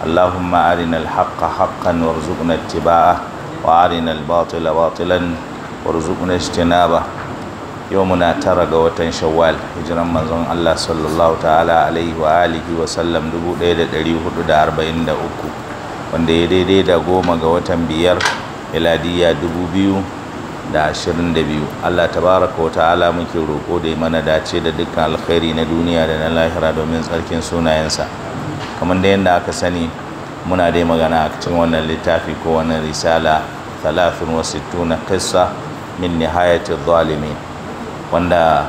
اللهم أرنا الحق حقا وارزقنا اتباعه Yau muna tara ga watan Shawwal. ترى وتن شوال هجرا منزون الله صلى الله تعالى عليه وآله وسلم دبو ديدة دريه دا أربعين دا أكو wanda ya daidai da goma ga watan biyar miladiya dubu biyu da ashirin da biyu allah tabaraka wata ta'ala muke roƙo da mana dace da dukkan alkhairi na duniya da na lahira domin tsarkin sunayensa kamar da yadda aka sani muna dai magana a cikin wannan littafi ko wannan risala tuna qissa min nihayati zalimin wanda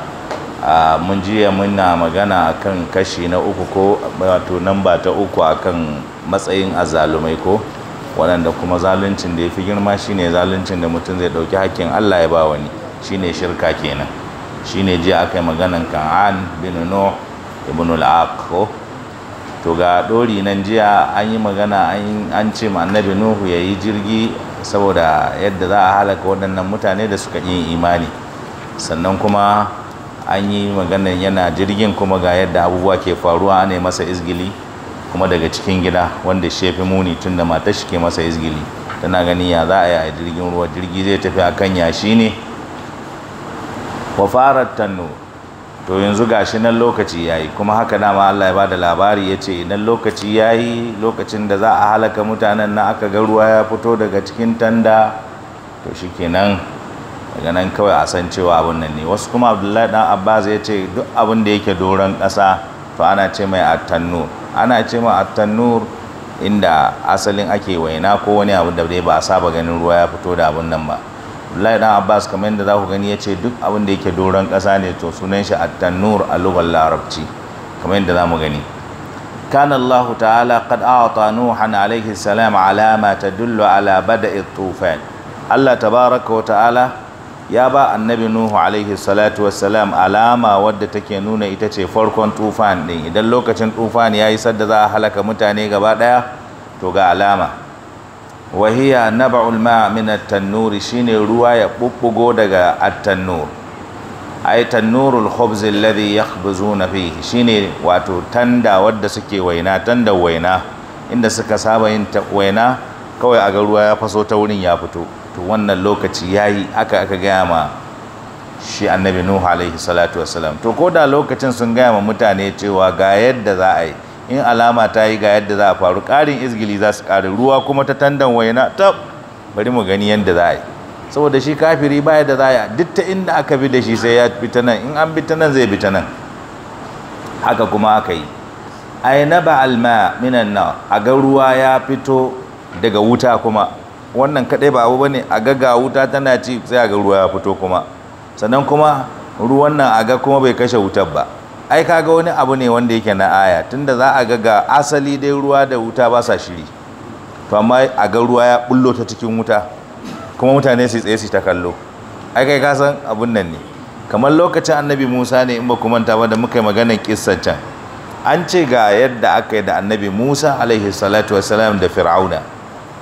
mun jiya muna magana a kan kashi na uku ko wato namba ta uku a kan matsayin azalumai ko waɗanda kuma zaluncin da ya fi girma shine zaluncin da mutum zai ɗauki hakkin Allah ya ba wani shine shirka kenan shine jiya aka yi maganan an bin nuh ibn al-aq to ga ɗori nan jiya an yi magana an ce ma annabi nuhu ya yi jirgi saboda yadda za a halaka waɗannan mutane da suka yi imani sannan kuma an yi maganar yana jirgin kuma ga yadda abubuwa ke faruwa ne masa izgili kuma daga cikin gida wanda shefi muni tun da matar shi ke masa izgili tana gani ya za a yi a jirgin ruwa jirgi zai tafi a kan yashi ne wa fara tannu to yanzu gashi nan lokaci yayi kuma haka ma Allah ya bada labari yace nan lokaci yayi lokacin da za a halaka mutanen na aka ga ruwa ya fito daga cikin tanda to shikenan daga nan kawai a san cewa abun nan ne wasu kuma Abdullahi dan Abbas yace duk abin da yake doron ƙasa to ana ce mai at-tannur ana ce mai at-tannur inda asalin ake waina ko wani abu da ba a saba ganin ruwa ya fito da abun nan ba Abdullahi dan Abbas kamar yadda za ku gani ya ce duk abin da yake doron ƙasa ne to sunan shi at-tanur a lugar larabci kamar yadda za mu gani kana Allah ta'ala qad a'ata nuhan alayhi salam alama tadullu ala bada'i tufan Allah tabaraka wa ta'ala ya ba annabi nuhu alayhi salatu wassalam alama wadda take nuna ita ce farkon tufan din idan lokacin tufan yayi sadda za a halaka mutane gaba daya to ga alama wahiya naba'ul ma min at-tannuri shine ruwa ya bubbugo daga at-tannur ay tannurul khubz alladhi yakhbuzuna fihi shine wato tanda wadda suke waina tanda waina inda suka saba yin waina kawai a ga ruwa ya faso ta wurin ya fito to wannan lokaci yayi aka aka gaya ma shi annabi nuhu alaihi salatu wassalam to ko da lokacin sun gaya ma mutane cewa ga yadda za a yi in alama ta yi ga yadda za a faru ƙarin izgili za su ƙari ruwa kuma ta tandan waina ta bari mu gani yadda za a yi saboda shi kafiri baya da za a yi duk ta inda aka bi da shi sai ya bi ta nan in an bi ta nan zai bi ta nan haka kuma aka yi aina ba alma minan na a ga ruwa ya fito daga wuta kuma wannan kaɗai ba abu bane a ga ga wuta tana ci sai a ga ruwa ya fito kuma sannan kuma ruwan nan a ga kuma bai kashe wutar ba ai kaga wani abu ne wanda yake na aya tunda za a ga ga asali dai ruwa da wuta ba sa shiri to amma a ga ruwa ya bullo ta cikin wuta kuma mutane su tsaye su ta kallo ai kai ka san abun nan ne kamar lokacin annabi musa ne in ba ku manta ba da muka yi maganar kissan can an ce ga yadda aka yi da annabi musa alaihi salatu wasalam da fir'auna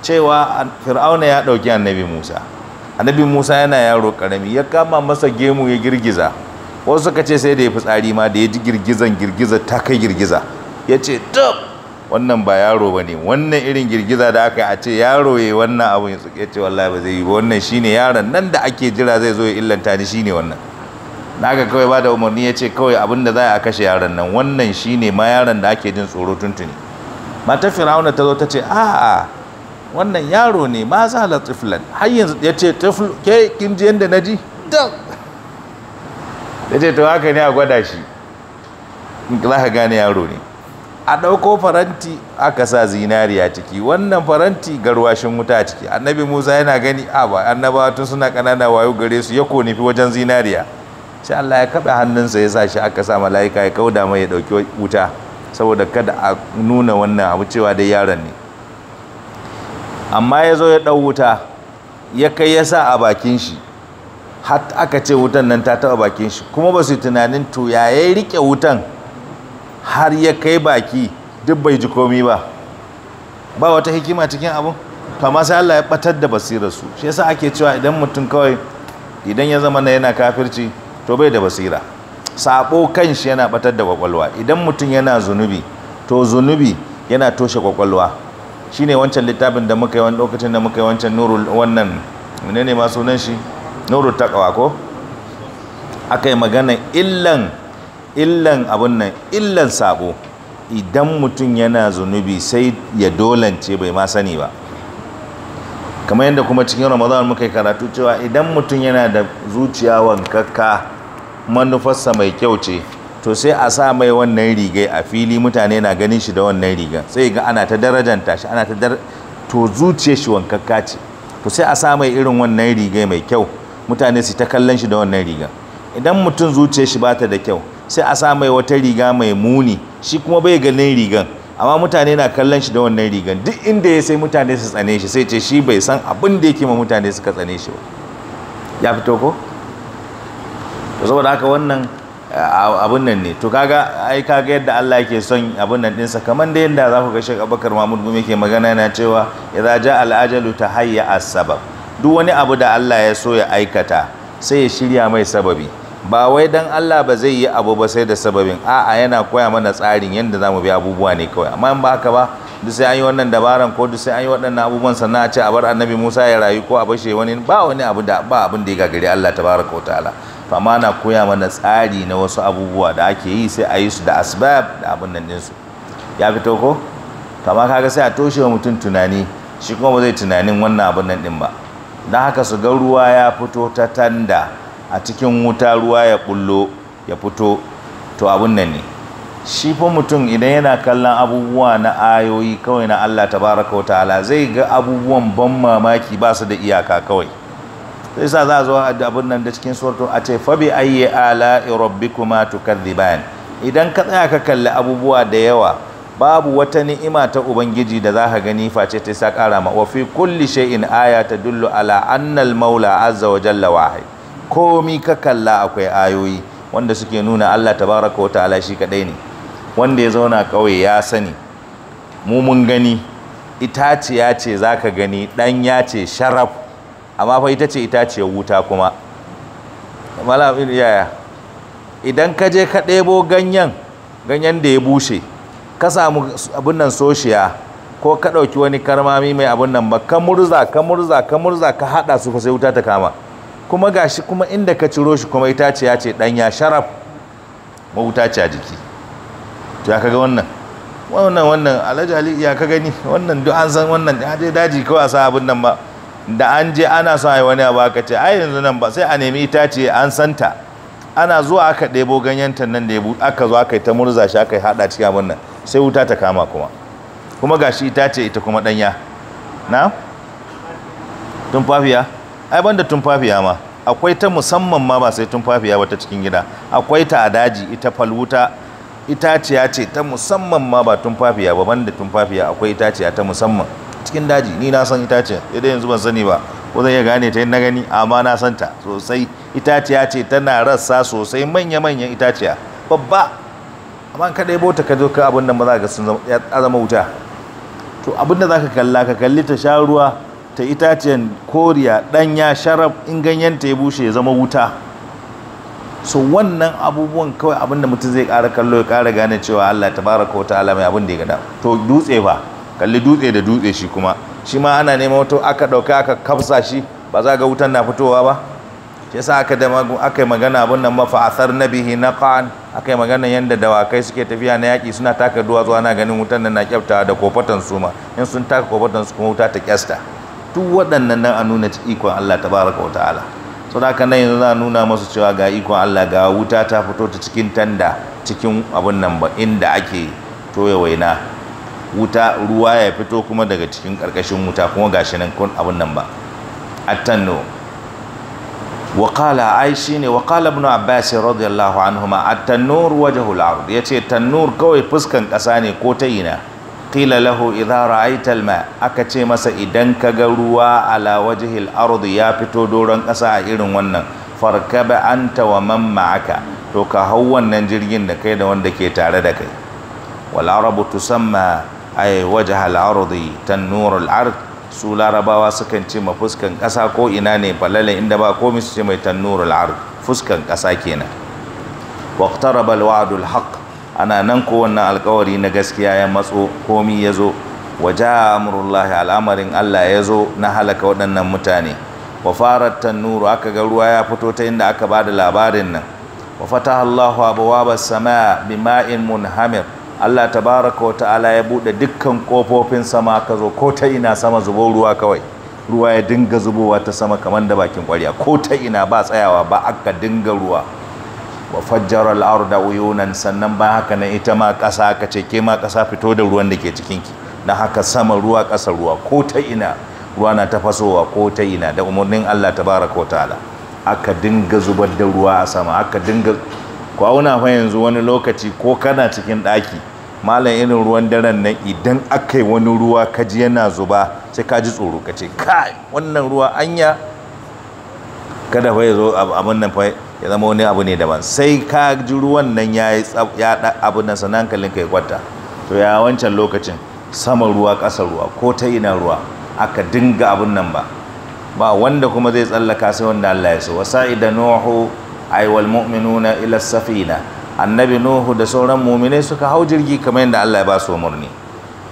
cewa fir'auna ya ɗauki annabi musa annabi musa yana yaro ƙarami ya kama masa gemu ya girgiza wasu suka ce sai da ya fitsari ma da ya ji girgizan girgiza ta kai girgiza ya ce tab wannan ba yaro ba ne wannan irin girgiza da aka yi a ce yaro ya wannan abun ya ce wallahi ba zai yi ba wannan shine yaron nan da ake jira zai zo ya illanta ni shine wannan Na ga kawai ba da umarni ya ce kawai abin da za a kashe yaron nan wannan shine ma yaron da ake jin tsoro tuntuni Mata firawuna ta zo ta ce a'a wannan yaro ne ma za la tiflan har yanzu ya ce tifl ke kin ji yanda na ji ya ce to haka ne a gwada shi za ka gane yaro ne a ɗauko faranti aka sa zinariya ciki wannan faranti garwashin wuta a ciki annabi musa yana gani a ba annaba tun suna ƙanana wayo gare su ya konifi wajen zinariya sai allah ya kaɓe hannunsa ya sa shi aka sa mala'ika ya kauda mai ya ɗauki wuta saboda kada a nuna wannan abu cewa dai yaron ne amma ya zo ya ɗau wuta ya kai ya sa a bakin shi har aka ce wutan nan ta taba bakin shi kuma ba su tunanin to ya yi riƙe wutan har ya kai baki duk bai ji komi ba ba wata hikima cikin abu. to amma sai Allah ya batar da basirar su shi yasa ake cewa idan mutum kawai idan ya zama na yana kafirci to bai da basira sabo shi yana batar da kwakwalwa idan mutum yana zunubi to zunubi yana toshe kwakwalwa shine wancan littafin da muka yi wani lokacin da muka yi wancan nurul wannan menene ma sunan shi nuru taqwa ko akai magana illan illan abun nan illan sabo idan mutum yana zunubi sai ya dolance bai ma sani ba kamar yadda kuma cikin ramadan muka yi karatu cewa idan mutum yana da zuciya wankakka manufarsa mai kyau ce to sai a sa mai wannan rigai a fili mutane na ganin shi da wannan rigan sai ga ana ta darajanta shi ana ta dar to zuciya shi wankakka ce to sai a sa mai irin wannan rigai mai kyau mutane su ta kallon shi da wannan riga idan mutum zuciyar shi bata da kyau sai a sa mai wata riga mai muni shi kuma bai ganin rigan amma mutane na kallon shi da wannan rigan duk inda ya sai mutane su tsane shi sai ce shi bai san abin da yake ma mutane suka tsane shi ba ya fito ko to saboda haka wannan abun nan ne to kaga ai kaga yadda Allah yake son abun nan dinsa kamar da yadda za ku ga Sheikh Abubakar Mahmud Gumi yake magana yana cewa idza ja al ajalu tahayya as sabab duk wani abu da Allah ya so ya aikata sai ya shirya mai sababi ba wai dan Allah ba zai yi abu ba sai da sababin a'a yana koya mana tsarin yadda za mu bi abubuwa ne kawai amma in ba haka ba duk sai an yi wannan dabaran ko duk sai an yi waɗannan abubuwan sannan a ce a bar annabi Musa ya rayu ko a bashe wani ba wani abu da ba abin da ya gagari Allah baraka wa ta'ala to amma na koya mana tsari na wasu abubuwa da ake yi sai a yi su da asbab da abin nan ɗinsu ya fito ko to amma kaga sai a toshe wa mutum tunani shi kuma ba zai tunanin wannan abin nan ɗin ba don haka su ga ruwa ya fito ta tanda a cikin wuta ruwa ya bullo ya fito to abun nan ne shi fa mutum idan yana kallon abubuwa na ayoyi kawai na Allah tabaraka wa ta'ala zai ga abubuwan ban mamaki ba su da iyaka kawai sai sa za a zo da abun nan da cikin suratu a ce fa bi ayyi ala rabbikuma tukadhiban idan ka tsaya ka kalli abubuwa da yawa babu wata ni'ima ta ubangiji da za ka gani face ta sa ƙara ma wa fi kulli shay'in aya ta dullu ala annal maula azza wa jalla wahid komi ka kalla akwai ayoyi wanda suke nuna Allah tabaraka wa ta'ala shi kadai ne wanda ya zauna kauye ya sani mu mun gani ya ce zaka gani ya ce sharaf amma fa ita ce itaciyar wuta kuma malam yaya idan ka je ka ɗebo ganyen ganyen da ya bushe ka samu abin nan soshiya ko ka ɗauki wani karmami mai abin nan ba ka murza ka murza ka murza ka haɗa su fa sai wuta ta kama kuma gashi kuma inda ka ciro shi kuma ita ce ɗanya sharaf ma wuta ce a jiki to ya kaga wannan wannan wannan alhaji ali ya ka gani wannan duk an san wannan ya je daji kawai a sa abin nan ba da an je ana son ai wani abu aka ce ai yanzu nan ba sai a nemi ce an santa ana zuwa aka ɗebo ganyen nan da ya aka zo aka yi ta murza shi aka yi haɗa cikin abin nan sai wuta ta kama kuma kuma gashi ita ce ita kuma danya na tumfafiya ai banda tumfafiya ma akwai ta musamman ma ba sai tumfafiya ba ta cikin gida akwai ta a daji ita falwuta itaciya ce ta musamman ma ba tumfafiya ba banda tumfafiya akwai itaciya ta musamman cikin daji ni na san itaciya idan yanzu ban sani ba ko zan iya gane ta na gani amma na san ta sosai itaciya ce tana rassa sosai manya-manyan itaciya babba amma ka ɗebo bota ka zo ka abin da ba za sun zama wuta to abin da za ka kalla ka kalli ta sha ruwa ta itacen koriya ɗanya sharaf in ganyen ta ya bushe ya zama wuta so wannan abubuwan kawai abin da mutum zai ƙara kallo ya ƙara gane cewa Allah tabaraka wa ta'ala mai abin da ya gada to dutse fa kalli dutse da dutse shi kuma shi ma ana neman wato aka ɗauka aka kafsa shi ba za ga wutan na fitowa ba shi sa aka yi magana abin nan asar na bihi na qan aka yi magana yadda dawakai suke tafiya na yaƙi suna taka duwatsu ana ganin wutan nan na kyauta da kofatan su in sun taka kofatan su kuma wuta ta kyasta duk waɗannan nan a nuna ikon Allah ta tabaraka wa ta'ala sau da nan yanzu za a nuna masu cewa ga ikon Allah ga wuta ta fito ta cikin tanda cikin abin nan ba inda ake toya waina wuta ruwa ya fito kuma daga cikin ƙarƙashin wuta kuma gashi nan kun nan ba attanno وقال عائشه وقال ابن عباس رضي الله عنهما التنور وجه الارض يتي tannur kawai فسكن ƙasa ne ko ta ina? قيل له اذا رايت aka ce masa idan kaga ruwa ala wajhil ardh ya fito doran ƙasa a irin wannan farkaba anta wa man ma'aka to ka hau wannan jirgin da kai da wanda ke tare da kai wal arabu tusamma ay wajhal ardh tanurul ardh su larabawa sukan ce ma fuskan ƙasa ko ina ne balala inda ba komai su ce mai tannuru al'ar fuskan ƙasa kenan balwa adul ana nan ko wannan alƙawari na gaskiya ya matso komi ya zo waja amrullahi al'amarin Allah ya zo na halaka waɗannan mutane wa farar tannuru aka ga ruwa ya fito ta inda aka ba da labarin nan wa fataha Allahu sama bi bima'in munhamir Allah tabaraka wa ta'ala ya buɗe dukkan kofofin sama ka zo ko ta ina sama zubo ruwa kawai ruwa ya dinga zubowa ta sama kamar da bakin kwarya ko ta ina ba tsayawa ba aka dinga ruwa wa fajjara al-arda uyunan sannan ba haka nan ita ma ƙasa aka ce ke ma ƙasa fito da ruwan da ke cikin ki na haka sama ruwa ƙasa ruwa ko ta ina ruwa na tafasowa ko ta ina da umarnin Allah tabaraka wa ta'ala aka dinga zubar da ruwa a sama aka dinga ku auna fa yanzu wani lokaci ko kana cikin ɗaki malam irin ruwan daren nan idan aka wani ruwa ka yana zuba sai ka tsoro ka ce kai wannan ruwa anya kada fa ya zo nan fa ya zama wani abu ne daban sai ka ji ruwan nan ya da abun nan sanan kallin ka kwata to ya wancan lokacin sama ruwa kasa ruwa ko ta ina ruwa aka dinga abun nan ba ba wanda kuma zai tsallaka sai wanda Allah ya so wasa ai na mu'minuna ila safina annabi nuhu da sauran mu'minai suka hau jirgi kamar yadda Allah ya ba su umarni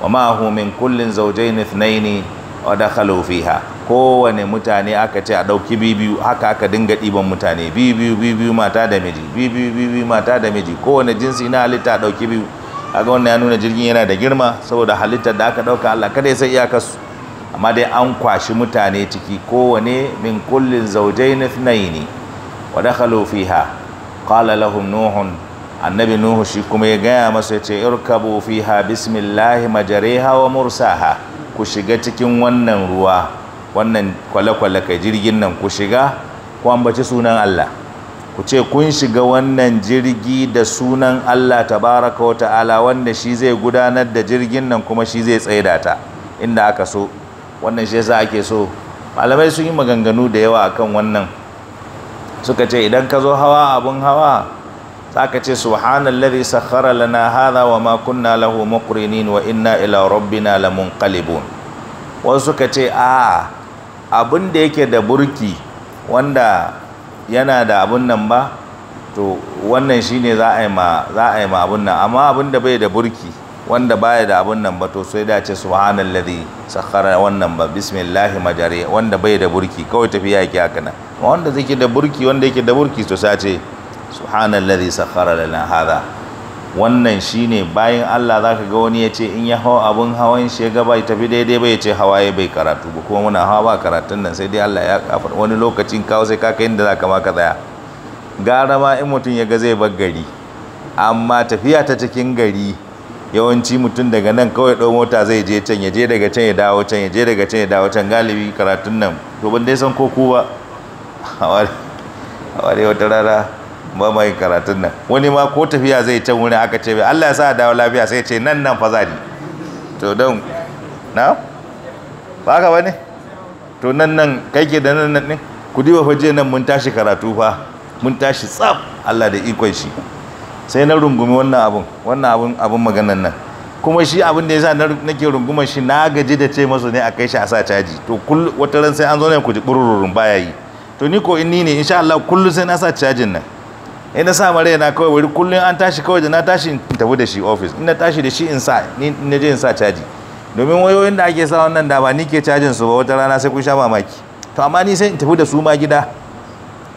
wa ma hu min kullin zawjayn ithnayn wa dakhalu fiha kowane mutane aka ce a dauki bibiyu haka aka dinga diban mutane bibiyu bibiyu mata da miji bibiyu bibiyu mata da miji kowane jinsi na halitta dauki biyu kaga wannan ya nuna jirgin yana da girma saboda halittar da aka dauka Allah kada ya san iyakarsu amma dai an kwashi mutane ciki kowane min kullin zawjayn ithnayn wa dakhalu fiha qala lahum nuhun annabi nuhu shi kuma ya gaya masa ya ce irkabu fiha bismillahi majariha wa mursaha ku shiga cikin wannan ruwa wannan kwale-kwale kai jirgin nan ku shiga ku baci sunan Allah ku ce kun shiga wannan jirgi da sunan Allah baraka wata ala wanda shi zai gudanar da jirgin nan kuma shi zai tsaida ta inda aka so wannan shi yasa ake so malamai sun yi maganganu da yawa akan wannan suka ce idan ka zo hawa abun hawa za ka ce subhanallazi sakhara lana hadha wa ma kunna lahu muqrinin wa inna ila rabbina lamunqalibun wasu suka ce a abin da yake da burki wanda yana da abun nan ba to wannan shine za a yi ma za a yi ma abun nan amma abin da bai da burki wanda baya da abun nan ba to sai da ce subhanallazi sakhara wannan ba bismillahi majari wanda bai da burki kawai tafiya yake haka nan wanda zai da burki wanda yake da burki to sai ce subhanallazi sakhara lana hada wannan shine bayan Allah zaka ga wani ya ce in ya hawa abun hawan shi ga bai tafi daidai bai ce hawaye bai karatu ba kuma muna hawa ba karatun nan sai dai Allah ya kafar wani lokacin kawo sai ka kai inda zaka ma ka tsaya gara ma in mutum ya ga zai bar gari amma tafiya ta cikin gari yawanci mutum daga nan kawai ɗau mota zai je can ya je daga can ya dawo can ya je daga can ya dawo can galibi karatun nan to ban dai san ko ku ba a ware wata rara ba mai karatun nan wani ma ko tafiya zai can wurin aka ce Allah ya sa dawo lafiya sai ce nan nan fa zani to don na ba ka bane to nan nan kai ke da nan nan ne? ku diba fa je nan mun tashi karatu fa mun tashi tsaf Allah da ikon shi sai na rungumi wannan abun wannan abun abun maganan nan kuma shi abin da yasa nake runguma shi na gaji da ce masu ne a kai shi a sa caji to kul wata ran sai an zo ne ku ji bururun baya yi to ni ko in ni ne insha Allah kullu sai na sa cajin nan ina na sa mare na kawai wuri kullun an tashi kawai da na tashi in tafi da shi office in na tashi da shi in sa ni na je in sa caji domin wayoyin da ake sa wannan da ba ni ke cajin su ba wata rana sai kun sha mamaki to amma ni sai in tafi da su ma gida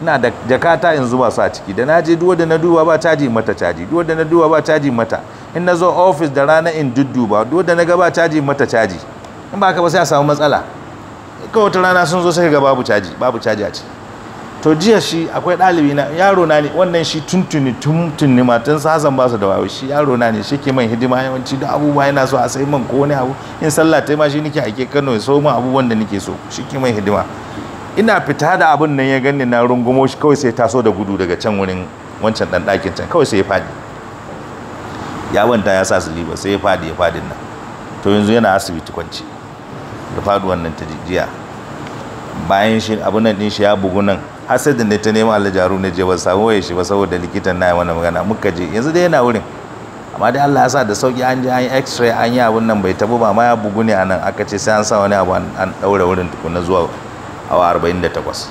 ina da jakata in zuba su a ciki da je duwa da na duba ba caji mata caji duwa da na duba ba caji mata in na zo ofis da rana in dudduba duwa da na ga ba caji mata caji in ba ka ba sai a samu matsala kawai wata rana sun zo sai ga babu caji babu caji a ciki to jiya shi akwai ɗalibi na yaro na ne wannan shi tuntuni tuntuni matan sazan ba su da wawo shi yaro na ne shi ke man hidima yawanci da abubuwa yana so a sai man ko wani abu in sallah ta ma shi nake ake Kano ya so mu abubuwan da nake so shi ke man hidima ina fita da abin nan ya ganni na rungumo shi kawai sai taso da gudu daga can wurin wancan dan ɗakin can kawai sai ya fadi ya wanta ya sa siliba sai ya fadi ya fadin nan to yanzu yana asibiti kwanci da faduwan nan ta jiya bayan shi abin nan din shi ya bugu nan har sai da ta nemi Allah jaru na je ba samu waye shi ba saboda likitan na yi wannan magana muka je yanzu dai yana wurin amma dai Allah ya sa da sauki an je an yi x-ray an yi abun nan bai tabo ba ma ya bugu ne anan aka ce sai an sa wani abu an daura wurin tukuna zuwa awa 48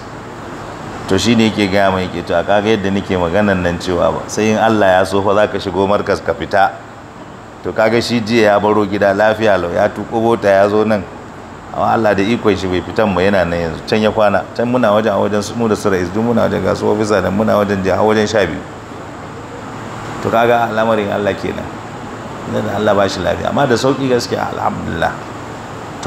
to shi ne yake gaya mai yake to a kaga yadda nake maganan nan cewa ba sai in Allah ya so fa za ka shigo markas ka fita to kaga shi jiya ya baro gida lafiya lau ya tuko bota ya zo nan amma Allah da ikon shi bai fitan mu yana nan yanzu can ya kwana can muna wajen a wajen su mu da sura izdu muna wajen gasu ofisa da muna wajen jiha wajen sha biyu to kaga al'amarin Allah kenan nan Allah ba shi lafiya amma da sauki gaskiya alhamdulillah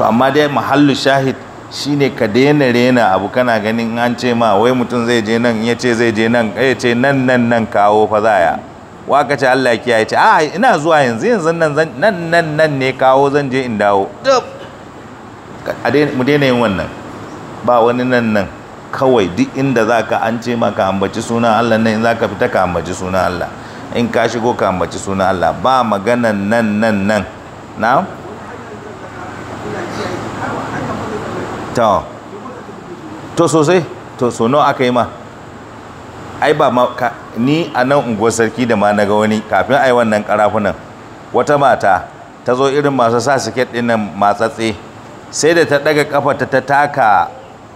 to amma dai mahallu shahid Shi ne ka daina rena abu kana ganin an ce ma wai mutum zai je nan ya ce zai je nan ya ce nan nan nan kawo fa zaya wa ka ce Allah ya ce a ina zuwa yanzu yanzu nan nan nan nan ne kawo zan je in dawo mu daina yin wannan ba wani nan nan kawai duk inda za ka an ce ma ka ambaci suna Allah nan in za ka fita ka ambaci suna Allah in ka shigo ka ambaci suna Allah ba maganan nan nan nan na'am to to sosai to so nawa aka yi ma ai ba ma ni a nan unguwar sarki da ma naga wani kafin ai wannan karafunan wata mata ta zo irin masu sa siket din nan matsatse sai da ta ɗaga kafarta ta taka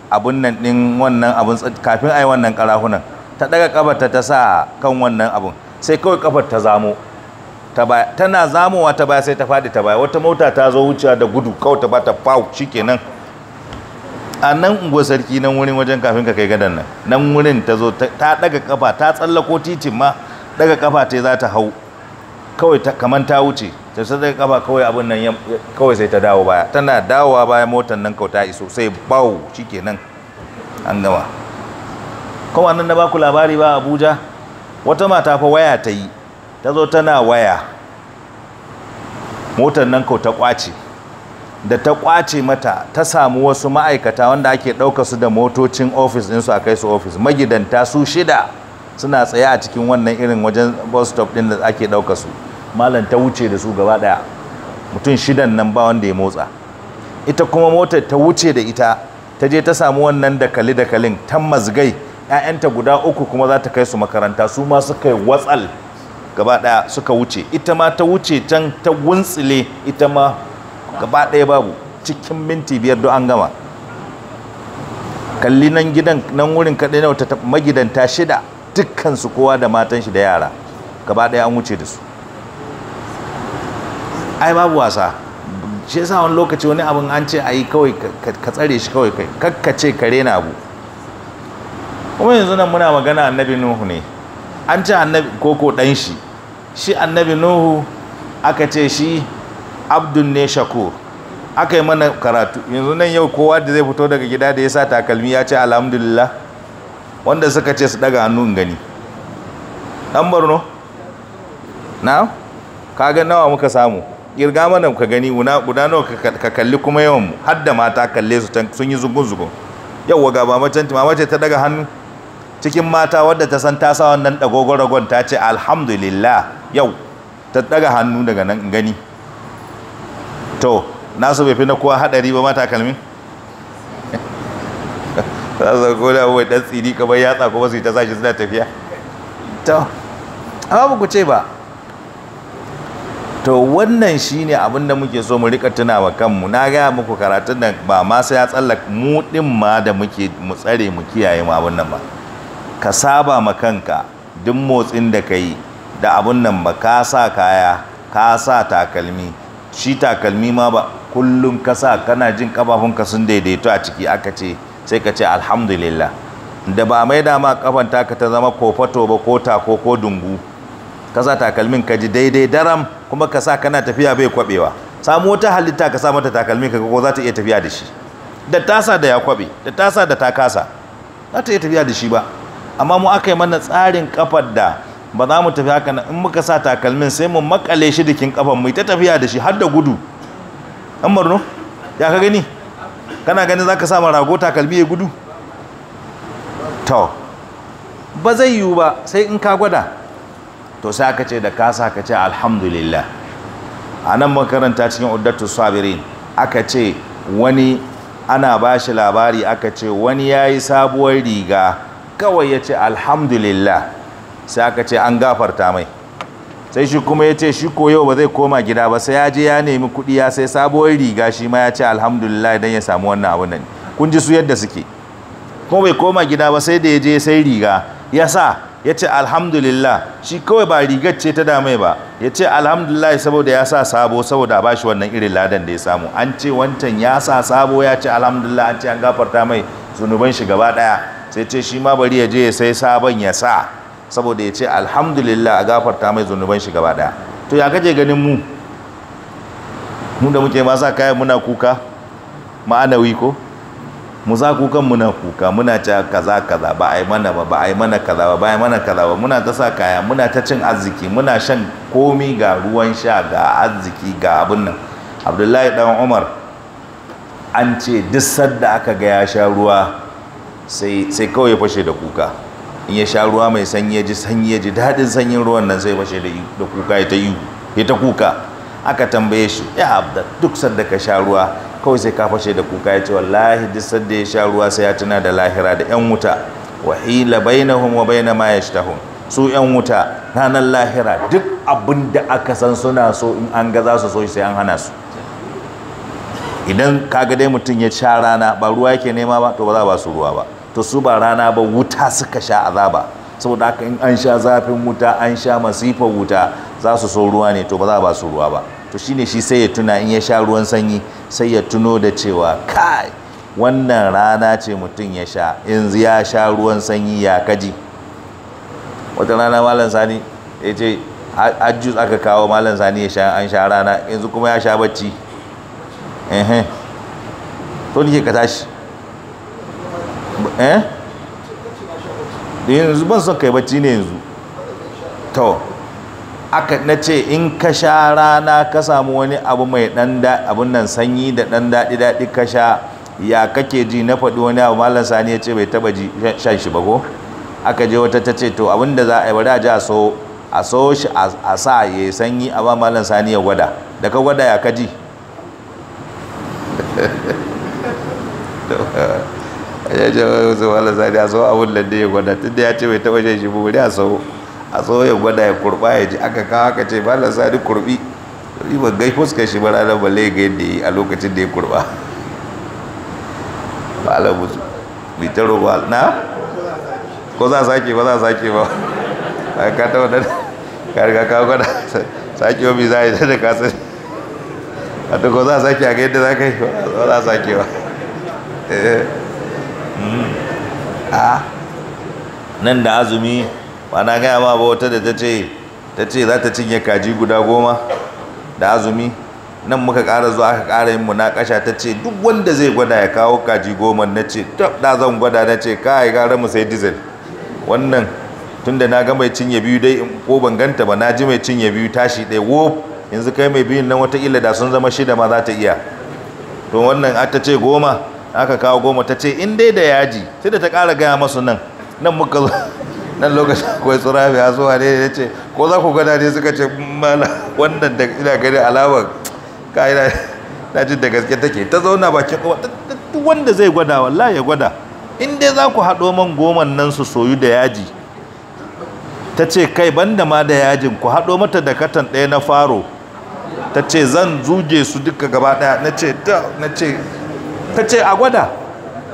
abun nan ɗin wannan abun kafin ai wannan karafunan ta ɗaga kafarta ta sa kan wannan abun sai kawai kafar ta zamo ta baya tana zamowa ta baya sai ta faɗi ta baya wata mota ta zo wucewa da gudu kawai ta ba ta fau shikenan a nan unguwar sarki nan wurin wajen kafin ka kai gadan nan nan wurin ta zo ta daga kafa ta tsallako titin ma daga kafa ta za ta hau kawai kamar ta wuce ta sai daga kafa kawai abin nan kawai sai ta dawo baya tana dawowa baya motar nan kawai ta iso sai bawo nan an gama kawai nan na baku labari ba Abuja wata mata fa waya ta yi ta zo tana waya motar nan kawai ta kwace da ta kwace mata ta samu wasu ma'aikata wanda ake ɗauka su da motocin ofis ɗinsu a kai su ofis magidanta su shida suna tsaye a cikin wannan irin wajen bus stop din da ake ɗauka su malam ta wuce da su gaba ɗaya mutum shidan nan ba wanda ya motsa ita kuma motar ta wuce da ita ta je ta samu wannan dakali dakalin tan mazgai 'ya'yanta guda uku kuma za ta kai su makaranta su ma suka yi watsal gaba ɗaya suka wuce ita ma ta wuce can ta wuntsile ita ma gaba ɗaya babu cikin minti biyar do an gama kalli nan gidan nan wurin kaɗai na wata magidanta shida dukkansu kowa da matan shi da yara gaba ɗaya an wuce da su ai babu wasa shi yasa wani lokaci wani abin an ce a yi kawai ka tsare shi kawai kai kakkace kare na abu kuma yanzu nan muna magana annabi nuhu ne an ce annabi koko ɗan shi shi annabi nuhu aka ce shi abdun ne shakur aka yi mana karatu yanzu nan yau kowa da zai fito daga gida da ya sa takalmi ya ce alhamdulillah wanda suka ce su daga hannun gani ɗan borno na kaga nawa muka samu kirga mana ka gani guda nawa ka kalli kuma yawan mu har da mata kalle su sun yi zugun zugun yau ga mama can mama ce ta daga hannu cikin mata wadda ta san ta sa wannan dagogon ragon ta ce alhamdulillah yau ta daga hannu daga nan gani to nasu bai fi na kowa haɗari ba ma takalmin za su ko da wai dan tsiri ka ya yatsa ko ba su yi ta sashi suna tafiya to amma ba ku ce ba to wannan ne abin da muke so mu rika wa kanmu na gaya muku karatun nan ba ma sai ya tsallak mu ma da muke mu tsare mu kiyaye mu abin nan ba ka saba ma kanka duk motsin da ka yi da abin nan ba ka sa kaya ka sa takalmi shi takalmi ma ba kullum ka sa kana jin kafafunka sun daidaito a ciki aka ce sai ka ce alhamdulillah da ba mai ma kafan taka ta zama ko fato ba ko tako ko dungu ka sa takalmin ka ji daidai daram kuma ka sa kana tafiya bai kwabewa samu wata halitta ka sa mata takalmin ka ko za ta iya tafiya da shi da tasa da ya kwabe da tasa da ta kasa za ta iya tafiya da shi ba amma mu aka yi mana tsarin kafar da ba za mu tafi haka in muka sa takalmin sai mu makale shi dikin kafan mu ta tafiya da shi har da gudu an barno ya ka gani kana ganin zaka sa ma rago takalmi ya gudu to ba zai yiwu ba sai in ka gwada to sai aka ce da ka sa ka ce alhamdulillah a nan makaranta cikin uddatu sabirin aka ce wani ana ba shi labari aka ce wani ya yi sabuwar riga kawai ya ce alhamdulillah sai aka ce an gafarta mai sai shi kuma ya ce shi ko ba zai koma gida ba sai ya je ya nemi kuɗi ya sai sabuwar riga shi ma ya ce alhamdulillah idan ya samu wannan abun nan kun ji su yadda suke kuma bai koma gida ba sai da ya je sai riga ya sa ya ce alhamdulillah shi kawai ba rigar ce ta damai ba ya ce alhamdulillah saboda ya sa sabo saboda ba shi wannan irin ladan da ya samu an ce wancan ya sa sabo ya ce alhamdulillah an ce an gafarta mai zunuban shi gaba daya sai ce shi ma bari ya je ya sai sabon ya sa saboda ya ce alhamdulillah a gafarta mai zunuban shi gaba daya to ya kaje ganin mu mu da muke masa kayan muna kuka ma'anawi ko mu za kukan muna kuka muna ta kaza kaza ba ai mana ba ba ai mana kaza ba ba ai mana kaza ba muna ta sa kaya muna ta cin arziki muna shan komi ga ruwan sha ga arziki ga abin nan abdullahi dan umar an ce duk sadda aka ga ya sha ruwa sai kawai ya fashe da kuka in ya sha ruwa mai sanyi ya ji sanyi ya ji daɗin sanyin ruwan nan sai bashe da kuka ya ta yi ya ta kuka aka tambaye shi ya abda duk sanda ka sha ruwa kawai sai ka fashe da kuka ya ce wallahi duk sanda ya sha ruwa sai ya tuna da lahira da yan wuta wa hila bainahum wa baina ma yashtahun su yan wuta ranar lahira duk abin da aka san suna so in an ga za su so sai an hana su idan kaga dai mutum ya sha rana ba ruwa yake nema ba to ba za ba su ruwa ba to su ba rana ba wuta suka sha azaba saboda haka in an sha zafin wuta an sha masifar wuta za su so ruwa ne to ba za ba su ruwa ba to shine shi sai ya tuna in ya sha ruwan sanyi sai ya tuno da cewa kai wannan rana ce mutum ya sha yanzu ya sha ruwan sanyi ya kaji wata rana malam sani ya ce ajjus aka kawo malam sani ya sha an sha rana yanzu kuma ya sha bacci to ne ka tashi eh yanzu ban son kai bacci ne yanzu to aka na ce in ka sha rana ka samu wani abu mai dan abun nan sanyi da dan daɗi daɗi ka sha ya kake ji na faɗi wani abu malam sani ya ce bai taɓa ji shan shi ba ko aka je wata ta ce to abin da za a yi bari a ji a so a so shi a sa ya yi sanyi a ba malam sani ya gwada da ka gwada ya ka ji ya ce su wala zari a so a wullan da ya gwada tun da ya ce bai taɓa shi shi buri a so a so ya gwada ya kurba ya ji aka kawo aka ce malam sani kurbi ba gai fuskar shi ba ranar balle ga yadda yi a lokacin da ya kurba ala musu bai ta na ko za a sake ba za a sake ba a ka ta wadda ka riga kawo gwada sake wa bi za a yi da ka sani a ta ko za a sake a ga yadda za ka yi ba za a sake ba eh. a nan da azumi ba na gaya ma ba wata da ta ce za ta cinye kaji guda goma da azumi nan muka ƙara zuwa aka ƙara yin munakasha ta ce duk wanda zai gwada ya kawo kaji goma na ce da zan gwada na ce kai gara mu sai diesel wannan tunda na ga mai cinye biyu dai ko ban ganta ba na ji mai cinye biyu tashi ɗaya wo yanzu kai mai biyun nan illa da sun zama shida ma za ta iya to wannan a ta ce goma aka kawo goma ta ce in dai da yaji sai da ta ƙara gaya masu nan nan muka zo nan lokacin akwai tsirabi a zuwa ne ya ce ko za ku gada ne suka ce mala wannan da ina gani alawar ka'ina na jin da gaske take ta zauna bakin kuma duk wanda zai gwada walla ya gwada in dai za ku haɗo man goman nan su soyu da yaji ta ce kai banda ma da yajin ku haɗo mata da katan ɗaya na faro ta ce zan zuge su duka gaba ɗaya na ce ta ce a gwada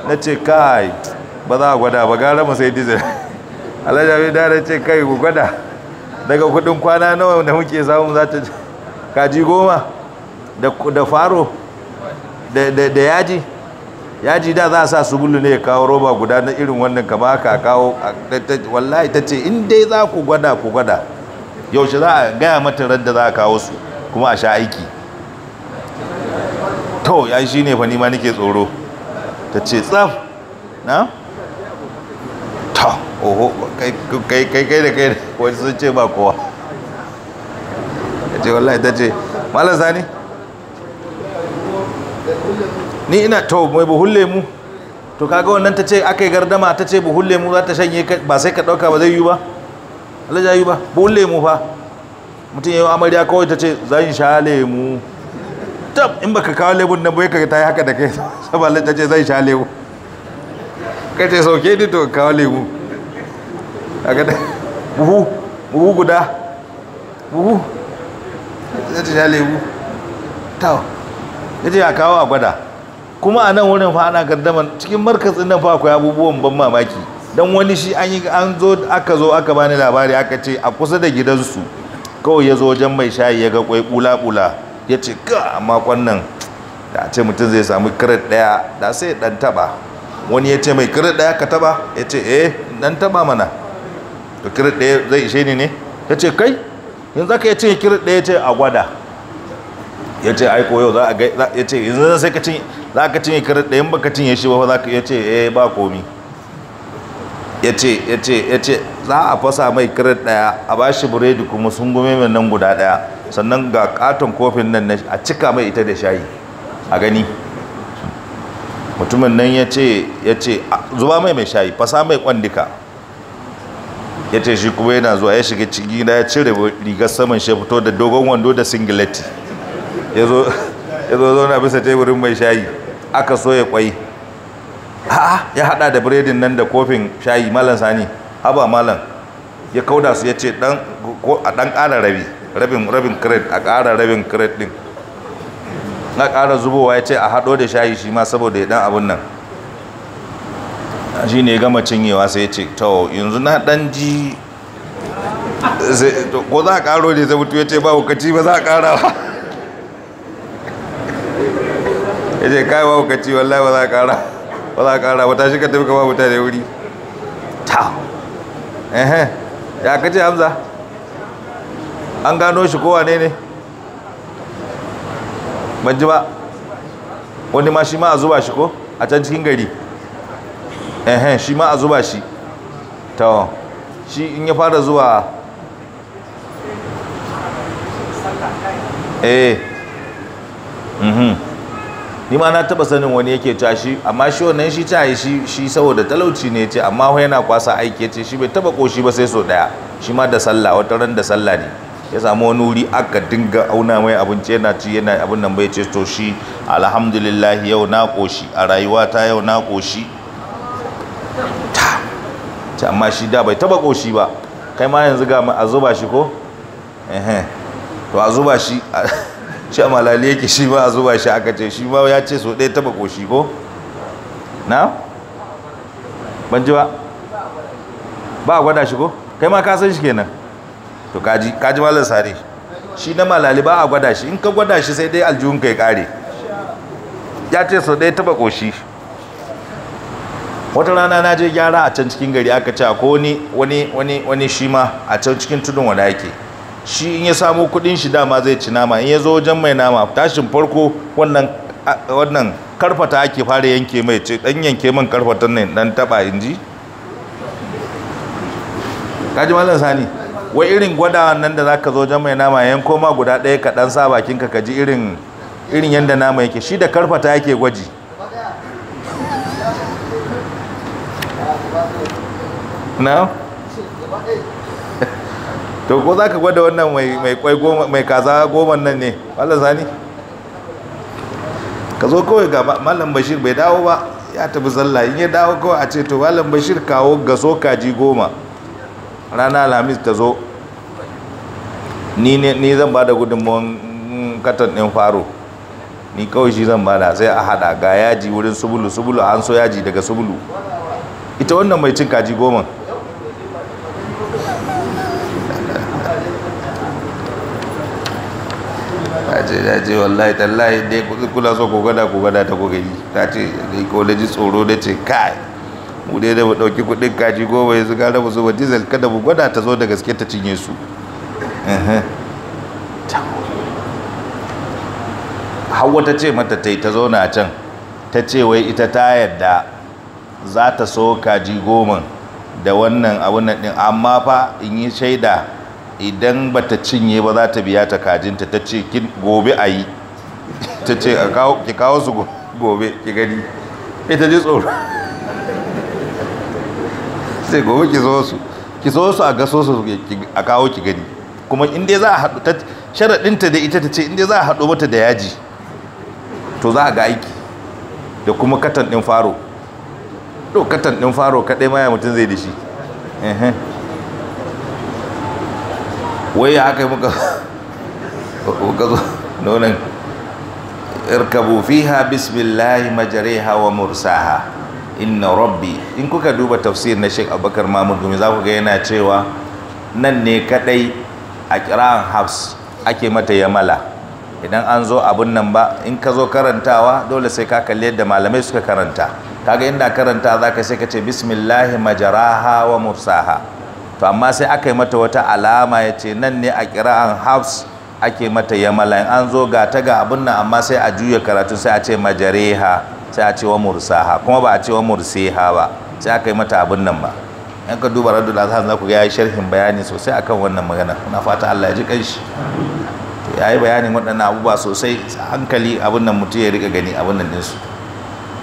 na ce kai ba za a gwada ba gara mu sai diesel alhaji abin da ce kai ku gwada daga kudin kwana nawa da muke samun za ta kaji goma da faro da yaji yaji da za a sa su gullu ne ya kawo roba guda na irin wannan kama haka kawo wallahi ta ce in dai za ku gwada ku gwada yaushe za a gaya mata da za a kawo su kuma a sha aiki to ya shi ne fa nima nake tsoro ta ce tsaf na ta oho kai kai kai da kai wani sun ce ba kowa ta ce wallahi ta ce malar sani ni ina to mai buhun lemu to kaga wannan ta ce aka yi gardama ta ce buhun lemu za ta shanye ba sai ka ɗauka ba zai yi ba alaja yi ba buhun lemu fa mutum ya yi amarya kawai ta ce zan sha lemu tab in baka kawo lebun na bai ka ta yi haka da kai saboda ta ce zai sha lebu kai ce sauke ni to kawo lebu a ga buhu buhu guda buhu zai ta sha lebu ta ya ce a kawo a gwada kuma a nan wurin fa ana gardama cikin markatsin nan fa akwai abubuwan ban mamaki don wani shi an yi an zo aka zo aka bani labari aka ce a kusa da gidansu kawai ya zo wajen mai shayi ya ga kwai ƙula kula ya ce ga amma kwannan da ce mutum zai samu kiret daya da sai dan taba wani ya ce mai kiret daya ka taba ya ce eh dan taba mana to kiret daya zai ishe ni ne ya ce kai yanzu aka ya ce kiret daya ya ce a gwada ya ce aiko yau za a ga ya ce yanzu sai ka cin za ka cin kiret daya in baka cinye shi ba za ka ya ce eh ba komi ya ce ya ce ya ce za a fasa mai kiret daya a bashi buredi kuma sun gume mai nan guda daya sannan ga katon kofin nan a cika mai ita da shayi a gani mutumin nan ya ce ya ce zuba mai mai shayi fasa mai kwandika ya ce shi kuma yana zuwa ya shiga ciki na ya cire rigar saman shi fito da dogon wando da singileti ya zo zauna bisa teburin mai shayi aka so ya kwai a'a ya hada da biredin nan da kofin shayi malam sani haba malam ya kauda su ya ce a dan ƙara rabi rabin rabin crate a ƙara rabin crate din na ƙara zubowa ya ce a haɗo da shayi shi ma saboda ya ɗan abin nan shi ne gama cinyewa sai ya ce tawo yanzu na ɗan ji ko za a ƙaro ne zai mutu ya ce ba hukaci ba za a ƙara ba ya ce kai ba hukaci wallahi ba za a ƙara ba za a ƙara ba ta shi ka tafi ka ba mutane wuri ta ya kace hamza an gano shi kowa ne ne ban ji ba wani ma shi ma a zuba shi ko a can cikin gari ehen shi ma a zuba shi ta shi in ya fara zuwa eh mhm ni ma na taba sanin wani yake ca shi amma shi wannan shi ca shi shi saboda talauci ne ce amma yana kwasa aiki ce shi bai taba koshi ba sai so daya shi ma da sallah wata ran da sallah ne ya samu wani wuri aka dinga auna mai abinci yana ci yana abin nan bai ce to shi alhamdulillah yau na koshi a rayuwa ta yau na koshi ta ta amma shi da bai taba koshi ba kai ma yanzu ga a zuba shi ko eh to a zuba shi shi a malali yake shi ba a zuba shi aka ce shi ma ya ce so ɗaya taba koshi ko na ban ji ba ba a gwada shi ko kai ma ka san shi kenan to kaji kaji malam sare shi na malali ba a gwada shi in ka gwada shi sai dai aljihun ka ya kare ya ce sau dai taba koshi wata rana na je gyara a can cikin gari aka ce ko wani wani wani wani shi ma a can cikin tudun wanda yake shi in ya samu kuɗin shi dama zai ci nama in ya zo wajen mai nama tashin farko wannan wannan karfata ake fara yanke mai ce dan yanke min karfatan ne dan taba inji kaji malam sani wai irin gwada nan da zaka zo jan mai nama yanko ma guda ɗaya ka ɗan sa bakin ka ji irin irin yanda nama yake shi da karfata yake gwaji na to ko zaka gwada wannan mai mai kwai goma mai kaza goma nan ne Allah zani ka zo kawai ga mallam bashir bai dawo ba ya tafi sallah in ya dawo kawai a ce to mallam bashir kawo gaso kaji goma rana alhamis ta zo ni zan ba da gudunmawan katon ɗin faro ni kawai shi zan bada sai a hada ga yaji wurin subulu subulu an so yaji daga subulu ita wannan mai cin kaji goma ce ta ce wallahi tallahi dai kula so ku gada gada ta kogayi ta ce da tsoro da ce kai mu dai da mu ɗauki kuɗin kaji goma yanzu gara mu zuba diesel kada mu gwada ta zo da gaske ta cinye su hawa ta ce mata ta yi ta zauna a can ta ce wai ita ta yadda za ta so kaji goma da wannan abin nan ɗin amma fa in yi shaida idan ba ta cinye ba za ta biya ta kajinta ta ce gobe a yi ta ce ki kawo su gobe ki gani ita ji tsoro sai gobe ki zo su ki zo su a gaso su a kawo ki gani kuma in dai za a haɗu ta sharaɗinta da ita ta ce in dai za a haɗu mata da yaji to za a ga aiki da kuma katan ɗin faro to katan ɗin faro kaɗai maya mutum zai da shi wai ya haka muka ga zo nonon irkabu fiha bismillahi majariha wa mursaha inna rabbi in kuka duba tafsir na Sheikh Abubakar Mahmud Gumi za ku ga yana cewa nan ne kadai a kiran Hafs ake mata yamala idan an zo abun nan ba in ka zo karantawa dole sai ka kalli yadda malamai suka karanta kaga inda karanta za ka sai ka ce bismillahi majaraha wa mursaha to amma sai aka yi mata wata alama ya ce nan ne a kira'an Hafs ake mata yamala in an zo ga ta ga abun nan amma sai a juya karatu sai a ce majareha sai a ce wa mursaha kuma ba a ce wa mursiha ba sai aka yi mata abin nan ba yan ka duba radu lasa za ku ga yayi sharhin bayani sosai akan wannan magana kuna fata Allah ya ji kanshi to yayi bayanin waɗannan abubuwa sosai hankali abin nan mutum ya rika gani abin nan ɗinsu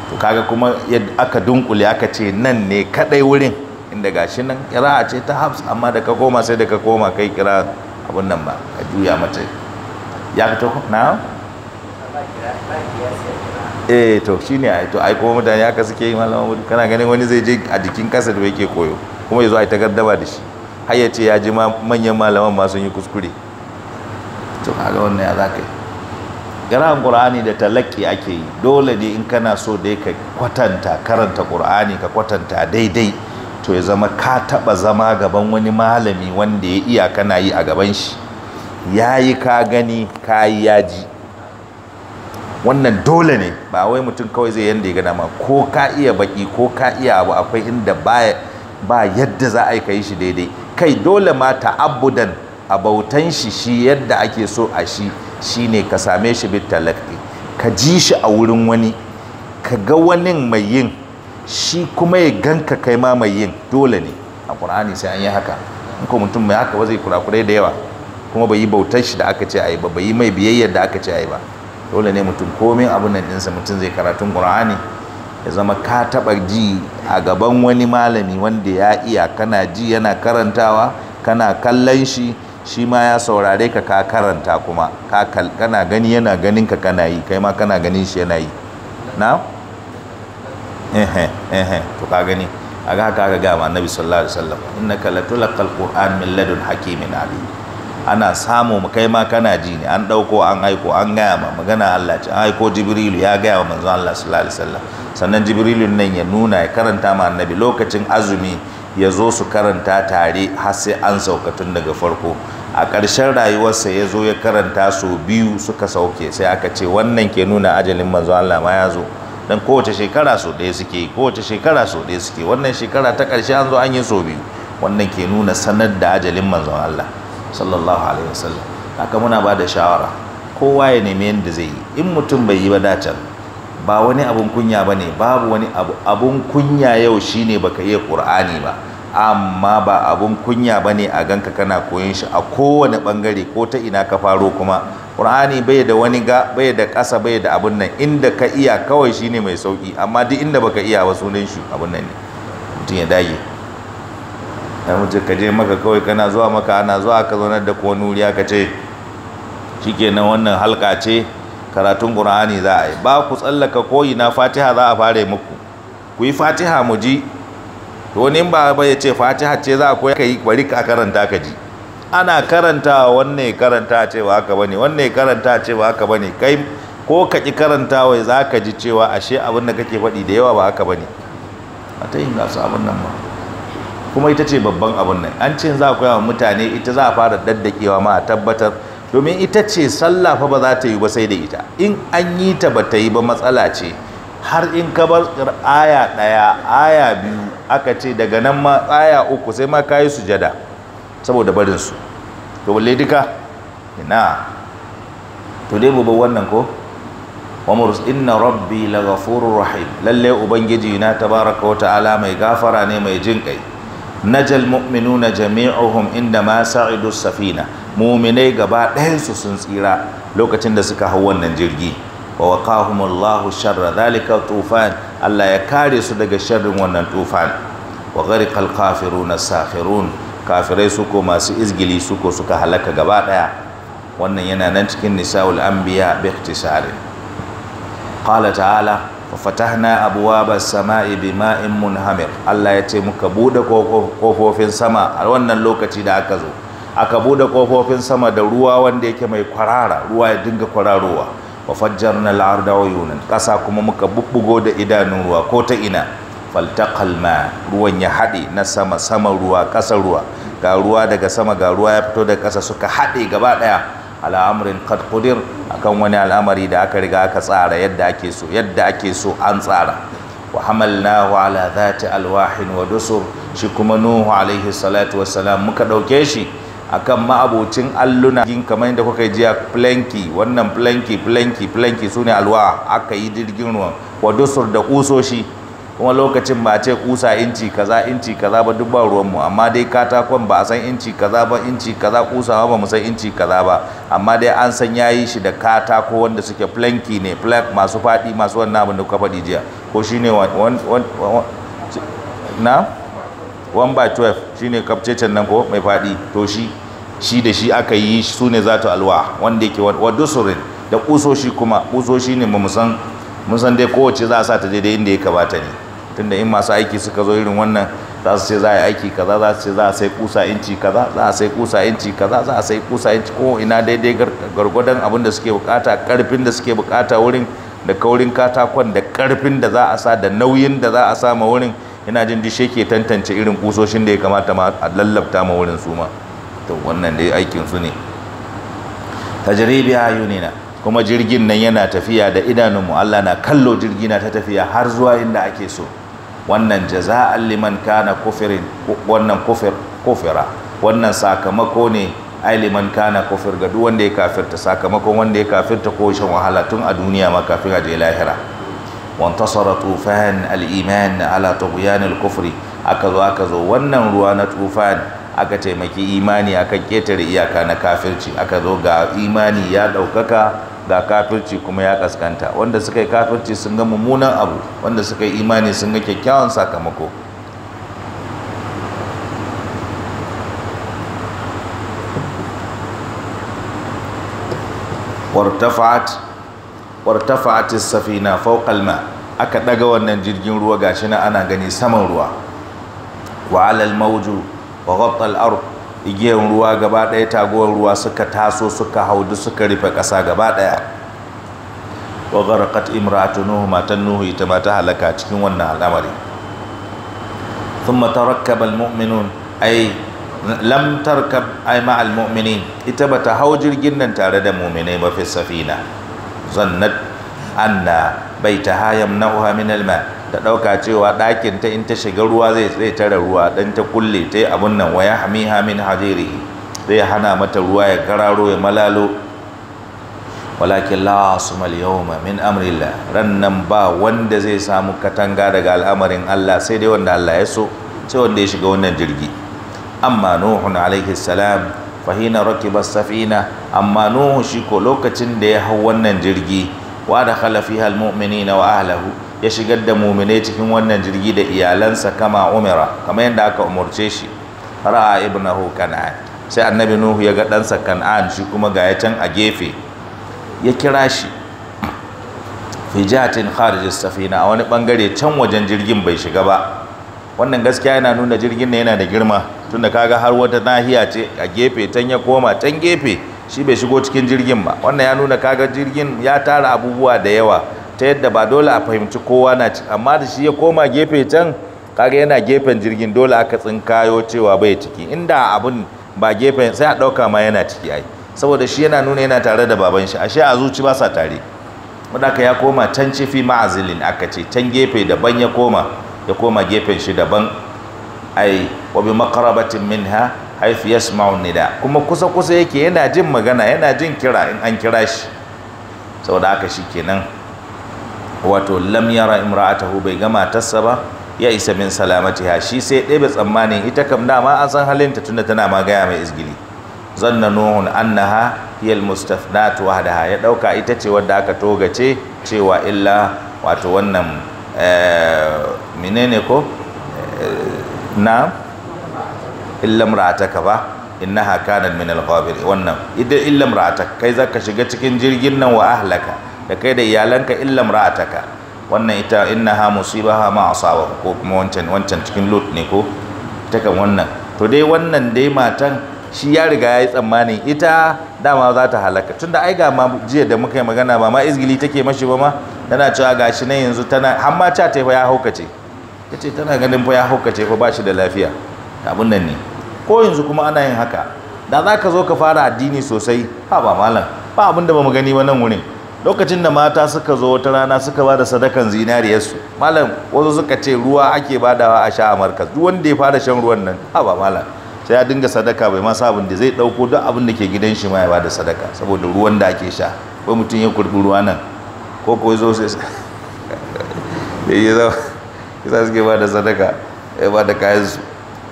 to kaga kuma aka dunkule aka ce nan ne kadai wurin inda gashi nan a ce ta hafs amma da ka koma sai da ka koma kai kira abin nan ba ka juya mata ya fito na'am eh to shine ne to ai kuma mutane haka suke yi malama mudu kana ganin wani zai je a jikin kasa da yake koyo kuma yazo a ta gaddaba da shi har ya ce ya ji manyan malaman ma sun yi kuskure to kaga wannan ya ka yi garan qur'ani da talaki ake yi dole ne in kana so dai ka kwatanta karanta qur'ani ka kwatanta daidai to ya zama ka taɓa zama gaban wani malami wanda ya iya kana yi a gaban shi ya yi ka gani ka kayi yaji wannan dole ne ba wai mutum kawai zai yanda ya gana ma ko ka iya baki ko ka iya abu akwai inda ba yadda za a yi ka yi shi daidai kai dole ma ta'abbudan a bautan shi shi yadda ake so a shi shine ka same shi bi talaqqi ka ji shi a wurin wani ka ga wani mai yin shi kuma ya gan ka kai ma mai yin dole ne a Qur'ani sai an yi haka in ko mutum mai haka ba zai kurakurai da yawa kuma bai yi bautar shi da aka ce a yi ba bai yi mai biyayyar da aka ce a yi ba dole ne mutum komin abin nan ɗinsa mutum zai karatun ƙur'ani ya zama ka taɓa ji a gaban wani malami wanda ya iya kana ji yana karantawa kana kallon shi shi ma ya saurare ka ka karanta kuma kana gani yana ganin ka kana yi kai ma kana ganin shi yana yi na? ehe ehe to ka gani a ga haka ga ma annabi sallallahu alaihi wasallam innaka latulaqal qur'an min ladun hakimin alim ana samu mu kai ma kana ji ne an ɗauko an aiko an gaya ma magana Allah ce an aiko jibrilu ya gaya wa manzon Allah sallallahu alaihi wasallam sannan jibrilu nan ya nuna ya karanta ma annabi lokacin azumi ya zo su karanta tare har sai an sauka tun daga farko a ƙarshen rayuwarsa ya zo ya karanta su biyu suka sauke sai aka ce wannan ke nuna ajalin manzon Allah ma ya zo dan kowace shekara so ɗaya suke yi kowace shekara so ɗaya suke wannan shekara ta ƙarshe an zo an yi so biyu wannan ke nuna sanar da ajalin manzon Allah sallallahu alaihi wasallam haka muna ba da shawara kowa ya nemi yadda zai yi in mutum bai yi ba dacan ba wani abun kunya ba ne babu wani abun kunya yau shine baka iya qur'ani ba amma ba abun kunya ba ne a ganka kana koyon shi a kowane bangare ko ta ina ka faro kuma ƙur'ani bai da wani ga bai da ƙasa bai da abun nan inda ka iya kawai shine mai sauki amma duk inda baka iya ba sunan shi abun nan ne mutum ya dage ya mace ka je maka kawai kana zuwa maka ana zuwa ka zaunar da kuwa nuri ka ce kenan wannan halka ce karatun ƙur'ani za a yi ba ku tsallaka koyi na fatiha za a fara muku ku yi fatiha mu ji to ne ba ba ya ce fatiha ce za a koya ka yi bari ka karanta ka ji ana karanta wannan karanta ce ba haka bane wannan karanta ce ba haka bane kai ko ka ƙi karanta wai za ka ji cewa ashe abin da kake faɗi da yawa ba haka bane a ta yin gasa abin nan ba kuma ita ce babban abun nan an ce za a koya wa mutane ita za a fara daddakewa ma tabbatar domin ita ce sallah fa ba za ta yi ba sai da ita in an yi ta ba ta yi ba matsala ce har in ka bar aya ɗaya aya biyu aka ce daga nan ma aya uku sai ma ka yi sujada saboda barin su to balle duka ina to dai mu wannan ko wa inna rabbi la ghafurur rahim lalle ubangiji na tabaraka wa ta'ala mai gafara ne mai jin kai najal mu'minuna jami'uhum inda ma sa'idu safina mu'minai gaba su sun tsira lokacin da suka hau wannan jirgi wa waqahumullahu sharra dhalika tufan Allah ya kare su daga sharrin wannan tufan wa gharqal na safirun, kafirai su ko masu izgili su ko suka halaka gaba ɗaya wannan yana nan cikin nisaul anbiya bi ikhtisari qala ta'ala wa fatahna abwaba samai bima'in munhamir Allah ya ce muka bude kofofin sama a wannan lokaci da aka zo aka bude kofofin sama da ruwa wanda yake mai kwarara ruwa ya dinga kwararowa wa fajjarna al-arda uyunan kasa kuma muka bubbugo da idanun ruwa ko ta ina faltaqal ma ruwan ya hade na sama sama ruwa kasa ruwa ga ruwa daga sama ga ruwa ya fito daga kasa suka hade gaba daya ala amrin qad qudir akan wani al'amari da aka riga aka tsara yadda ake so yadda ake so an tsara wa hamalnahu ala dhati alwahin wa dusur shi kuma nuhu alaihi salatu wassalam muka dauke shi akan ma'abocin alluna kamar yadda kuka jiya planki wannan planki planki planki sune alwa aka yi jirgin ruwan wa dusur da kusoshi kuma lokacin ba a ce kusa inci kaza inci kaza ba duk ba ruwanmu amma dai katakon ba a san inci kaza ba inci kaza kusa ba mu san inci kaza ba amma dai an san yayi shi da katako wanda suke planki ne plank masu faɗi masu wannan abin da kuka faɗi jiya ko shine na 1 by 12 shine kafcecen nan ko mai faɗi to shi shi da shi aka yi su ne zato alwa wanda yake wa dusurin da kusoshi kuma kusoshi ne mu san mun san dai kowace za a sa ta daidai inda ya kamata ne tunda in masu aiki suka zo irin wannan za su ce za a yi aiki kaza za su ce za a sai kusa inci kaza za a sai kusa inci kaza za a sai kusa inci ko ina daidai gargwadon abin da suke bukata karfin da suke bukata wurin da kaurin katakon da karfin da za a sa da nauyin da za a sa ma wurin ina jin dishe ke tantance irin kusoshin da ya kamata ma a lallabta ma wurin su ma to wannan dai aikin su ne tajribi ayunina kuma jirgin nan yana tafiya da idanunmu Allah na kallo jirgi na ta tafiya har zuwa inda ake so wannan jaza'an liman kana kufirin wannan kufir kufira wannan sakamako ne ai kana kufir ga duk wanda ya kafirta sakamakon wanda ya kafirta ko shan wahala tun a duniya ma kafin a je lahira wantasara tufan al-iman ala tughyan al-kufri aka zo aka zo wannan ruwa na tufan aka taimaki imani akan ketare iyaka na kafirci aka zo ga imani ya daukaka ga kafirci kuma ya kaskanta wanda suka yi kafirci sun ga mummunan abu wanda suka yi imani sun ga kyakkyawan sakamako wartafa'at safina fawqal ma aka daga wannan jirgin ruwa gashi na ana gani saman ruwa wa alal mawju wa ghatta al Igiyar ruwa gaba ɗaya taguwar ruwa suka taso suka haudu suka rufe ƙasa gaba ɗaya wa gharqat imra'atu nuhu matan nuhu ita ma ta halaka cikin wannan al'amari thumma tarakkaba almu'minun ay lam tarkab ay ma almu'minin ita bata hau jirgin nan tare da mu'minai ba fi safina zannat anna baitaha yamna'uha min alma' ta ɗauka cewa ɗakin ta in ta shiga ruwa zai tsaye tare ruwa dan ta kulle ta yi abun nan waya hamiha min hajirihi zai hana mata ruwa ya gararo ya malalo walakin la sumal yawma min amrillah ran nan ba wanda zai samu katanga daga al'amarin Allah sai dai wanda Allah ya so sai wanda ya shiga wannan jirgi amma nuhun alaihi salam fahina rakiba safina amma nuhu shi ko lokacin da ya hau wannan jirgi wa da khala fiha almu'minina wa ahlahu ya shigar da muminai cikin wannan jirgi da iyalansa kama umira kamar yadda aka umarce shi ra'a ibnahu kan'an sai annabi nuhu ya ga ɗansa kan'an shi kuma ga ya can a gefe ya kira shi fijatin kharij safina a wani bangare can wajen jirgin bai shiga ba wannan gaskiya yana nuna jirgin ne yana da girma tunda kaga har wata nahiya ce a gefe tan ya koma tan gefe shi bai shigo cikin jirgin ba wannan ya nuna kaga jirgin ya tara abubuwa da yawa ta yadda ba dole a fahimci kowa na ci amma da shi ya koma gefe can kaga yana gefen jirgin dole aka tsinkayo cewa bai ciki inda abun ba gefen sai a ɗauka ma yana ciki ai saboda shi yana nuna yana tare da baban shi ashe a zuci ba sa tare wadaka ya koma can cifi ma'azilin aka ce can gefe daban ya koma ya koma gefen shi daban ai wa bi maqrabatin minha haythu yasma'u nida kuma kusa kusa yake yana jin magana yana jin kira in an kira shi saboda haka shikenan wato lam yara imra'atahu bai gama tassa ba ya isa min salamati ha shi sai ɗebe tsammanin ita kam dama an san halinta tunda tana ma gaya mai izgili zanna nuhun annaha hiyal mustafnatu wahdaha ya dauka ita ce wadda aka togace cewa illa wato wannan eh, menene ko eh, na illa imra'ataka ba innaha kanat min al wannan idan illa imra'atak kai zaka shiga cikin jirgin nan wa ahlaka da kai da iyalanka illam ra'ataka wannan ita innaha musibaha ma asawa ko kuma wancan wancan cikin lut ne ko ita kan wannan to dai wannan dai matan shi ya riga ya yi tsammanin ita dama za ta halaka tunda ai ga ma jiya da muka yi magana ba ma izgili take mashi ba ma tana cewa gashi na yanzu tana har ma ta fa ya haukace tace tana ganin fa ya haukace fa bashi da lafiya abun nan ne ko yanzu kuma ana yin haka da za ka zo ka fara addini sosai ha ba malam ba abin da ba mu gani ba nan wurin lokacin da mata suka zo wata rana suka ba da sadakan zinariyarsu malam wasu suka ce ruwa ake badawa a sha a markas duk wanda ya fara shan ruwan nan ha ba malam sai ya dinga sadaka bai masa abin da zai dauko duk abin da ke gidan shi ma ya bada sadaka saboda ruwan da ake sha kai mutum ya kurbi ruwa nan ko ko zo sai da yi suke ba da sadaka ya ba da kayan su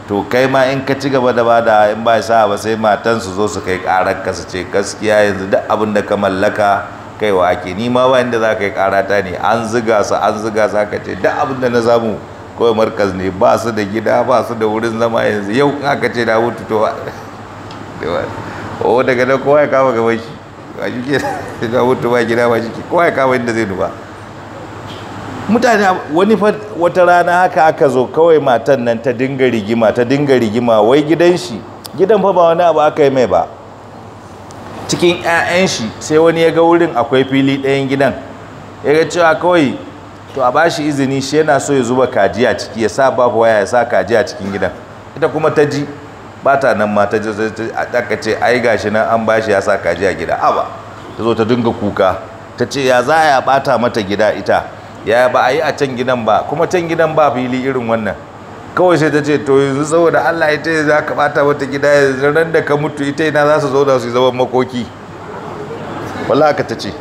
to kai ma in ka ci gaba da bada in ba sa ba sai matan su zo su kai karar ka su ce gaskiya yanzu duk abin da ka mallaka kaiwa ake ni ma bayan da za ka yi karata ne an ziga su an ziga su aka ce da abin da na samu kawai markaz ne ba su da gida ba su da wurin zama yanzu yau in aka ce da mutu to o oh, daga nan kowa ya kama gaban shi ba shi ke da mutu ba gida ba shi ke kowa ya kama inda zai nufa mutane wani wata rana haka aka zo kawai matan nan ta dinga rigima ta dinga rigima wai gidan shi gidan fa ba wani abu aka yi mai ba cikin 'ya'yan shi sai wani ya ga wurin akwai fili ɗayan gidan ya ga cewa kawai to a ba shi izini shi yana so ya zuba kaji a ciki ya sa babu waya ya sa kaji a cikin gidan ita kuma ta ji ba ta nan ma ta ji aka ce ai gashi nan an ba shi ya sa kaji a gida aba ta zo ta dinga kuka ta ce ya za a bata mata gida ita ya ba a yi a can gidan ba kuma can gidan ba fili irin wannan kawai sai ta ce to yanzu saboda Allah ya ce za ka bata wata gida yanzu ran da ka mutu ita ina za su zo da su zaman makoki wala ka ta ce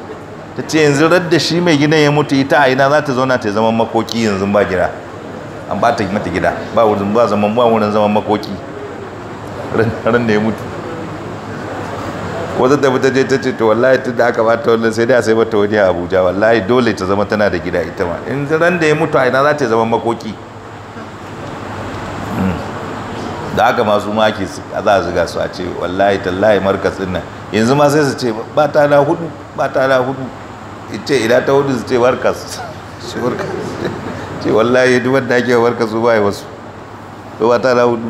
ta ce yanzu ran da shi mai gina ya mutu ita a ina za ta zauna ta zaman makoki yanzu ba gida an bata mata gida ba wurin ba zaman ba wurin zaman makoki ran da ya mutu wata da ta je ta ce to wallahi tun da aka bata wannan sai dai a sai mata wani a Abuja wallahi dole ta zama tana da gida ita ma in ran da ya mutu a ina za ta zaman makoki da haka masu maki za a ziga su a ce wallahi tallahi markas din nan yanzu ma sai su ce ba ta na hudu ba ta na hudu ce idan ta hudu su ce markas ce wallahi duk wanda ake markas su ba wasu to ba ta na hudu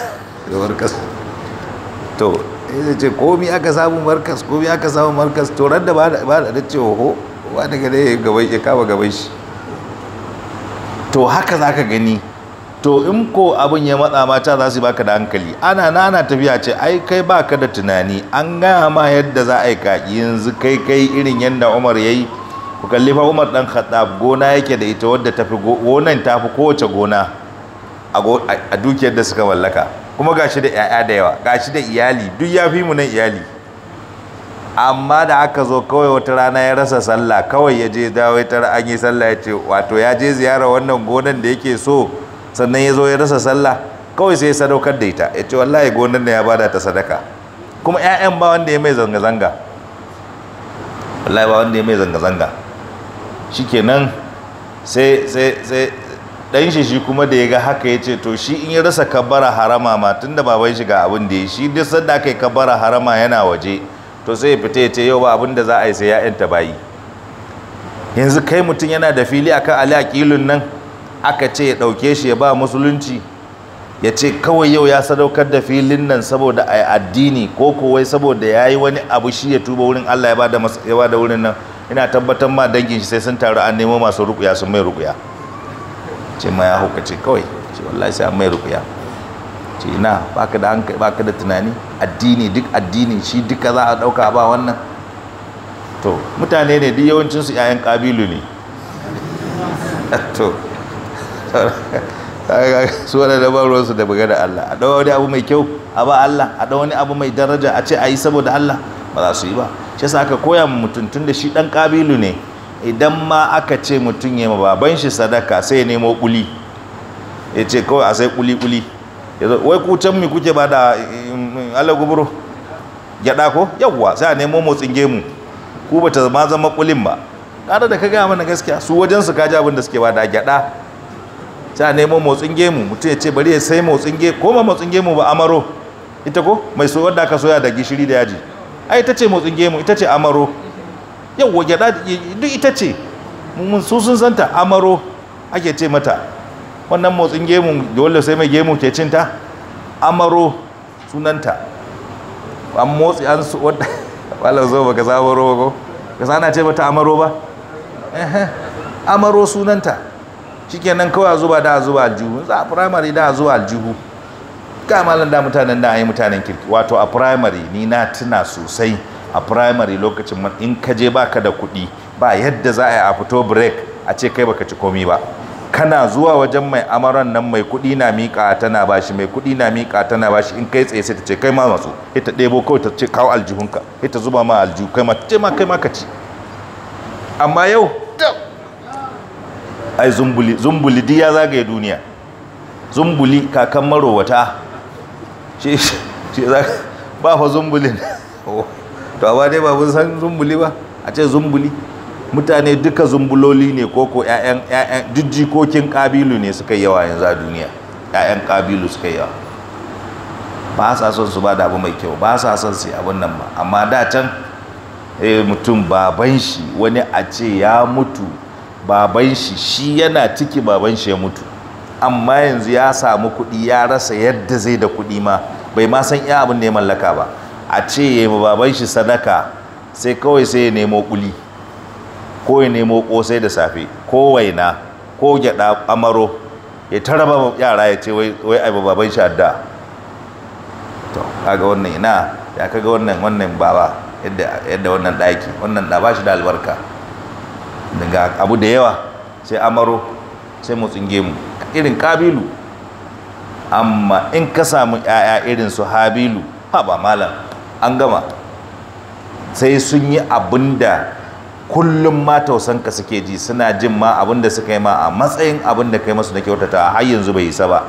da markas to sai ce komi aka samu markas komi aka samu markas to ran da ba da ce ho ba daga ne ya kama gaban shi to haka za ka gani to in ko abin ya matsa mata za su baka da hankali ana nana tafiya ce ai kai baka da tunani an gaya ma yadda za a yi kaki yanzu kai kai irin yadda umar ya yi ku kalli fa umar dan khattab gona yake da ita wadda tafi gonan tafi kowace gona a dukiyar da suka mallaka kuma gashi da 'ya'ya da yawa gashi da iyali duk ya fi mu nan iyali amma da aka zo kawai wata rana ya rasa sallah kawai ya je dawo ya tara an yi sallah ya ce wato ya je ziyara wannan gonan da yake so sannan ya zo ya rasa sallah kawai sai ya sadaukar da ita ya ce wallahi gonar da ya bada ta sadaka kuma 'ya'yan ba wanda ya mai zanga-zanga wallahi ba wanda ya mai zanga-zanga shikenan sai sai sai dan shi shi kuma da ya ga haka ya ce to shi in ya rasa kabbara harama ma tun da baban shi ga abin da ya shi duk sanda aka yi kabbara harama yana waje to sai ya fita ya ce yau ba abin da za a yi sai ya yanta bayi yanzu kai mutum yana da fili akan ali aqilun nan aka ce ya ɗauke shi ya ba musulunci ya ce kawai yau ya sadaukar da filin nan saboda a addini ko kowai saboda ya yi wani abu shi ya tuba wurin Allah ya ba da wurin nan ina tabbatar ma dangin shi sai sun taru an nemo masu rukuya sun mai rukuya ce ma ya hukace kawai ce wallahi sai an mai rukuya ce ina baka da hankali baka da tunani addini duk addini shi duka za a dauka ba wannan to mutane ne duk yawancin su yayan kabilu ne to su wani da ruwansu da buga da Allah a ɗau wani abu mai kyau a ba Allah a ɗau wani abu mai daraja a ce a yi saboda Allah ba za su yi ba shi sa aka koya mutum tun da shi ɗan ƙabilu ne idan ma aka ce mutum ya ma baban shi sadaka sai ya nemo ƙuli ya ce kawai a sai ƙuli ƙuli ya zo wai ku mu kuke ba da Allah guburo gyaɗa ko yawwa sai a nemo motsin gemu ku ba ta ma zama ƙulin ba ƙara da ka gaya mana gaskiya su wajen su ji abin suke ba da gyaɗa ta nemo motsin gemu mutum ya ce bari ya sai motsin gemu ko ma motsin gemu ba amaro ita ko mai so wadda aka soya da gishiri da yaji ai ita ce motsin gemu ita ce amaro wa gyada duk ita ce mun su sun santa amaro ake ce mata wannan motsin gemu dole sai mai gemu ke cinta amaro sunanta an motsi an su wadda wala zo ba ka amaro ba ko ka sana ce mata amaro ba amaro sunanta shikenan kawai a zuba da a zuba aljihu za a primary da a zuba aljihu ga malam da mutanen da a yi mutanen kirki wato a primary ni na tuna sosai a primary lokacin man in ka je baka da kuɗi ba yadda za a yi a fito break a ce kai baka ci komi ba kana zuwa wajen mai amaran nan mai kuɗi na miƙa tana bashi mai kuɗi na miƙa tana bashi in kai tsaye sai ta ce kai ma masu ita ɗebo kawai ta ce kawo aljihunka ita zuba ma aljihu kai ma ce ma kai ma ka ci amma yau ai zumbuli zumbuli duk ya zagaye duniya zumbuli kakan marowata shi shi za ba fa zumbulin oh, to ba dai ba mun san zumbuli ba a ce zumbuli mutane duka zumbuloli ne ko ko ƴaƴan ƴaƴan jijjikokin kabilu ne suka yawa yanzu a duniya ƴaƴan kabilu suka yawa ba sa son su ba da abu mai kyau ba sa son su abun nan ba amma da can eh mutum baban shi wani a ce ya mutu baban shi shi yana ciki baban shi ya mutu amma yanzu ya samu kuɗi ya rasa yadda zai da kuɗi ma bai ma san iya abin da ya mallaka ba a ce ya yi baban shi sadaka sai kawai sai ya nemo kuli ko ya nemo kosai da safe ko waina ko gyaɗa amaro ya tara ba yara ya ce wai ai baban shi adda to kaga wannan ina ya kaga wannan wannan baba yadda wannan ɗaki wannan da ba shi da albarka daga abu da yawa sai amaro sai mu tsinge mu irin kabilu amma in ka samu yaya irin su habilu ha ba malam an gama sai sun yi abin da kullum ma tausanka suke ji suna jin ma abin da suka yi ma a matsayin abin da kai masu na kyautata har yanzu bai yi ba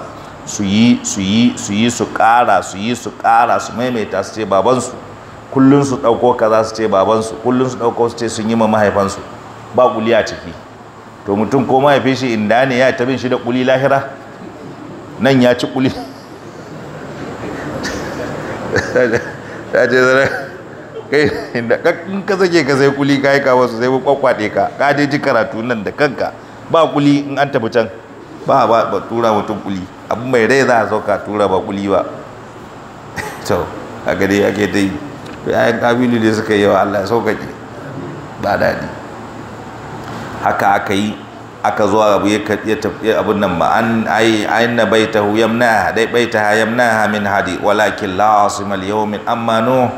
su yi su yi su yi su ƙara su yi su ƙara su maimaita su ce babansu kullum su ɗauko kaza su ce babansu kullum su ɗauko su ce sun yi ma mahaifansu ba kuli a ciki to mutum ko ma ya fi shi inda ne ya tabin shi da kuli lahira nan ya ci kuli ta ce zara kai inda kakkan ka sake ka sai kuli ka yi kawo su sai kwakwade ka ka je ji karatu nan da kanka ba kuli in an tafi can ba ba tura mutum kuli abu mai rai za a sauka tura ba kuli ba to a gade ake ta yi bayan kabilu ne suka yi wa allah ke ba daɗi haka aka yi aka zo abu ya abun nan ba an ai aina baitahu yamnaha dai baitaha yamnaha min hadi walakin la asima al-yawm amma nu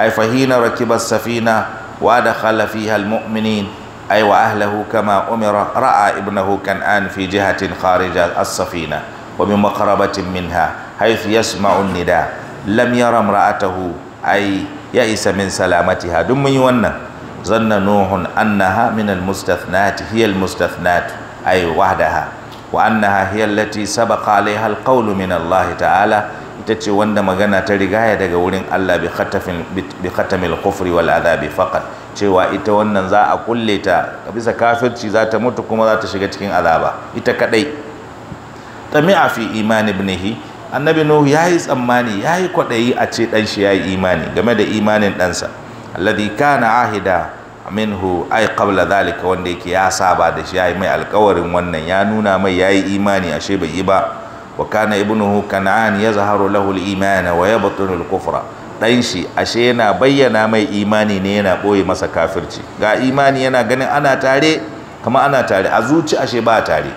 ai fahina rakiba safina wa dakhala fiha al-mu'minin ai wa ahlihi kama umira ra'a ibnahu kan'an fi jihatin kharija as-safina wa bi maqrabatin minha haythu yasma'u an-nida lam yara imra'atahu ai ya isa min salamatiha dun mun yi wannan zanna nuhun annaha min almustathnat hiya almustathnat ay wahdaha wa annaha hiya allati sabaqa alaiha alqawlu min Allah ta'ala ita ce wanda magana ta rigaya daga wurin Allah bi khatafin bi khatamil kufri wal adhabi faqat cewa ita wannan za a kulle ta bisa kafirci za ta mutu kuma za ta shiga cikin azaba ita kadai tami'a fi iman ibnihi annabi nuhu ya yi tsammani ya yi kwaɗayi a ce ɗanshi ya yi imani game da imanin ɗansa alladhi kana ahida minhu ai qabla dhalika wanda yake ya saba da shi yayi mai alƙawarin wannan ya nuna mai yayi imani ashe bai yi ba wa kana ibnuhu kan'an yazharu lahu al-iman wa yabtunu al-kufra dan shi ashe yana bayyana mai imani ne yana boye masa kafirci ga imani yana ganin ana tare kama ana tare a zuci ashe ba tare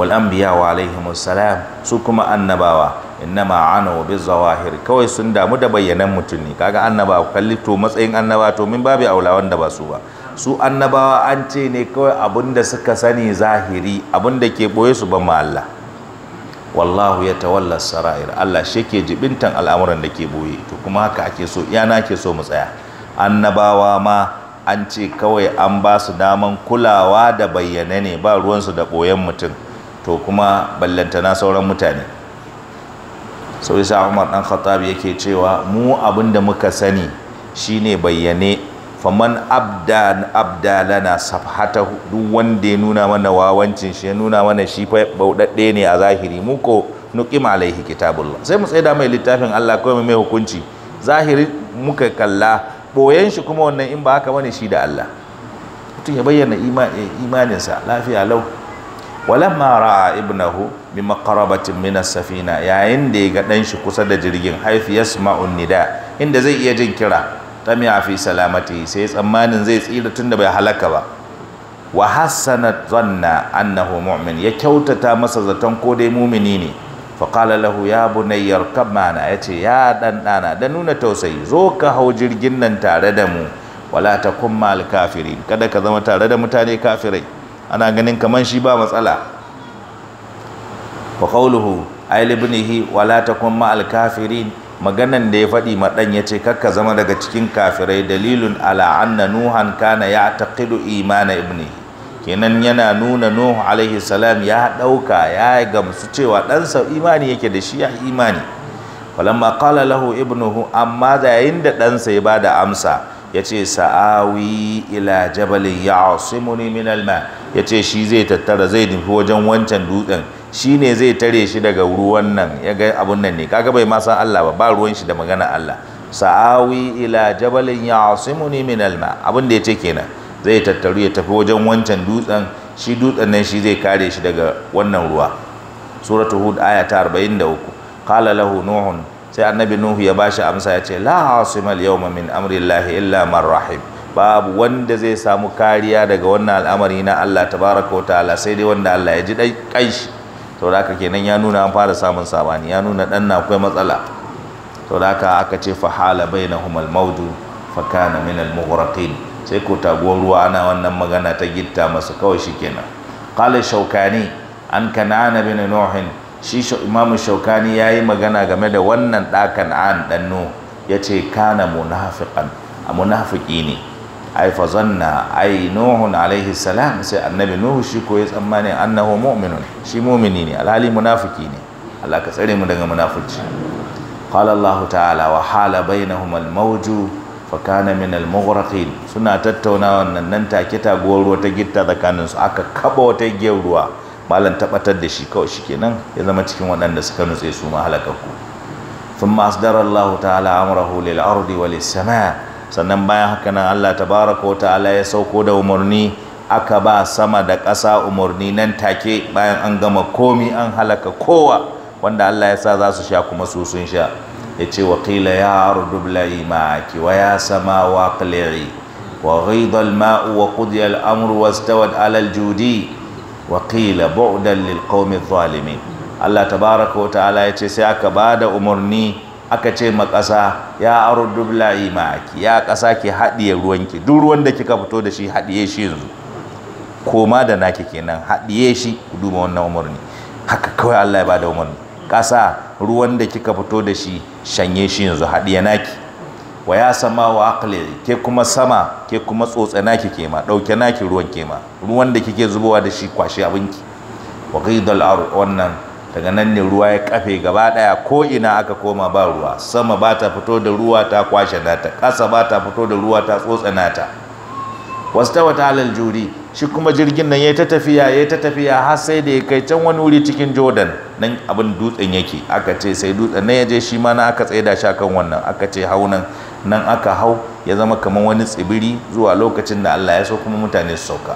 wal anbiya wa alaihimus salam su kuma annabawa innama ana wa bizawahir kawai sun damu da bayyanan mutum ne kaga annaba kalli to matsayin annaba to min babu aula wanda ba su ba su annabawa an ce ne kawai abinda suka sani zahiri abinda ke boye su ban ma Allah wallahu ya tawalla sara'ir Allah shi ke jibintan al'amuran da ke boye to kuma haka ake so yana ke so mu tsaya annabawa ma an ce kawai an ba su daman kulawa da bayyane ne ba ruwansu da boyen mutum to kuma ballantana sauran mutane sau yasa umar dan khattab yake cewa mu abin da muka sani shine bayyane faman abda na safhata duk wanda ya nuna mana wawancin shi ya nuna mana shi fa baudadde ne a zahiri mu ko nuqim alaihi kitabullah sai mu tsaida mai littafin Allah ko mai hukunci zahiri muka kalla boyen shi kuma wannan in ba haka bane shi da Allah mutum ya bayyana eh, imaninsa lafiya lau walamma ra'a ibnahu bi maqarabatin min as-safina yayin da ya ga dan shi kusa da jirgin haifi yasma'u nida inda zai iya jin kira tamiya fi salamati sai tsammanin zai tsira tunda bai halaka ba wa hassana zanna annahu mu'min ya kyautata masa zaton ko dai mumini ne fa qala lahu ya bunayya irkab mana yace ya dan dana da nuna tausayi zo ka hau jirgin nan tare da mu wala takum mal kafirin kada ka zama tare da mutane kafirai ana ganin kamar shi ba matsala wa qawluhu ay wa takun ma al kafirin maganan da ya faɗi ma ya yace kakka zama daga cikin kafirai dalilun ala anna nuhan kana ya'taqidu imana ibnihi kenan yana nuna nuhu alaihi salam ya dauka ya gamsu cewa ɗansa imani yake da shi ya imani falamma qala lahu ibnuhu amma da yayin da ɗansa ya ba da amsa ya ce sa'awi ila jabalin ya asimuni min alma ya ce shi zai tattara zai nufi wajen wancan dutsen shi ne zai tare shi daga ruwan nan ya ga abun nan ne kaga bai ma Allah ba ba ruwan shi da magana Allah sa'awi ila jabalin ya asimuni min alma abin da ya ce kenan zai tattaru ya tafi wajen wancan dutsen shi dutsen nan shi zai kare shi daga wannan ruwa suratu hud aya ta 43 qala lahu nuhun sai annabi nuhu ya bashi amsa ya ce la asimal yawma min amrillahi illa man rahim babu wanda zai samu kariya daga wannan al'amari na Allah tabaraka wa ta'ala sai dai wanda Allah ya ji dai kaishi haka kenan ya nuna an fara samun sabani ya nuna dan na akwai matsala to haka aka ce fa hala bainahumal mawdu fa kana min al mughraqin sai ko taguwar ruwa ana wannan magana ta gitta masa kawai shikenan qala shaukani an kanana bin nuhin shi imamu shaukani ya yi magana game da wannan ɗakan an ɗannu ya ce kana munafiƙan a munafiƙi ne ai fa zanna ai nuhun alaihi salam sai annabi nuhu shi ko tsammanin annahu mu'minun shi mu'mini ne alhali munafiki ne Allah ka tsare mu daga munafuci. qala Allah ta'ala wa hala bainahum al-mawju fa kana min al-mughraqin suna tattauna wannan nan take ta ruwa ta gitta su aka kaba wata giyar ruwa malam tabbatar da shi kawai shikenan ya zama cikin waɗanda suka nutse su ma halakakku thumma asdara Allah ta'ala amrahu lil ardi wa lis samaa sannan bayan haka nan Allah tabaraka wa ta'ala ya sauko da umarni aka ba sama da ƙasa umarni nan take bayan an gama komi an halaka kowa wanda Allah ya sa za su sha kuma su sun sha ya ce wa qila ya ardu bla'i ma'aki wa ya sama wa qli'i وغيض الماء وقضي الأمر واستوت على الجودي wakila qila bu'dan lil zalimin Allah tabaraka wa ya ce sai aka ba da umarni aka ce ma ƙasa ya aruddu billahi ma'aki ya ƙasa ki haɗiye ruwanki duk ruwan da kika fito da shi haɗiye shi yanzu koma da naki kenan haɗiye shi ku duba wannan umarni haka kawai Allah ya bada umarni ƙasa ruwan da kika fito da shi shanye shi yanzu haɗiye naki wa ya sama wa aqli ke kuma sama ke kuma tsotsana ke kema dauke naki ruwan kema ruwan da kike zubowa da shi kwashi abinki wa qidal ar wannan daga nan ne ruwa ya kafe gaba daya ko ina aka koma ba ruwa sama ba ta fito da ruwa ta kwashe nata kasa ba ta fito da ruwa ta tsotsana ta wastawa ta alal juri shi kuma jirgin nan yayi ta tafiya yayi ta tafiya har sai da ya kai can wani wuri cikin Jordan nan abin dutsen yake aka ce sai dutsen nan ya je shi ma na aka tsaida shi kan wannan aka ce haunan nan aka hau ya zama kamar wani tsibiri zuwa lokacin da Allah ya so kuma mutane su sauka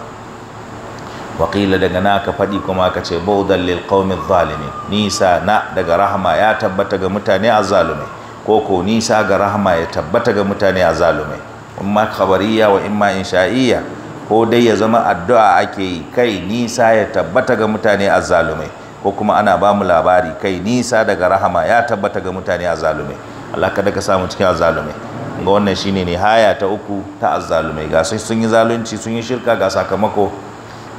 waƙila daga na aka faɗi kuma aka ce baudan lil qaumiz zalimi nisa na daga rahama ya tabbata ga mutane a zalume ko ko nisa ga rahama ya tabbata ga mutane a zalume in ma khabariya wa imma insha'iyya ko dai ya zama addu'a ake yi kai nisa ya tabbata ga mutane a zalume ko kuma ana ba mu labari kai nisa daga rahama ya tabbata ga mutane zalume Allah kada ka samu cikin azalume. ga wannan shine ne haya ta uku ta azzalumai ga sun yi zalunci sun yi shirka ga sakamako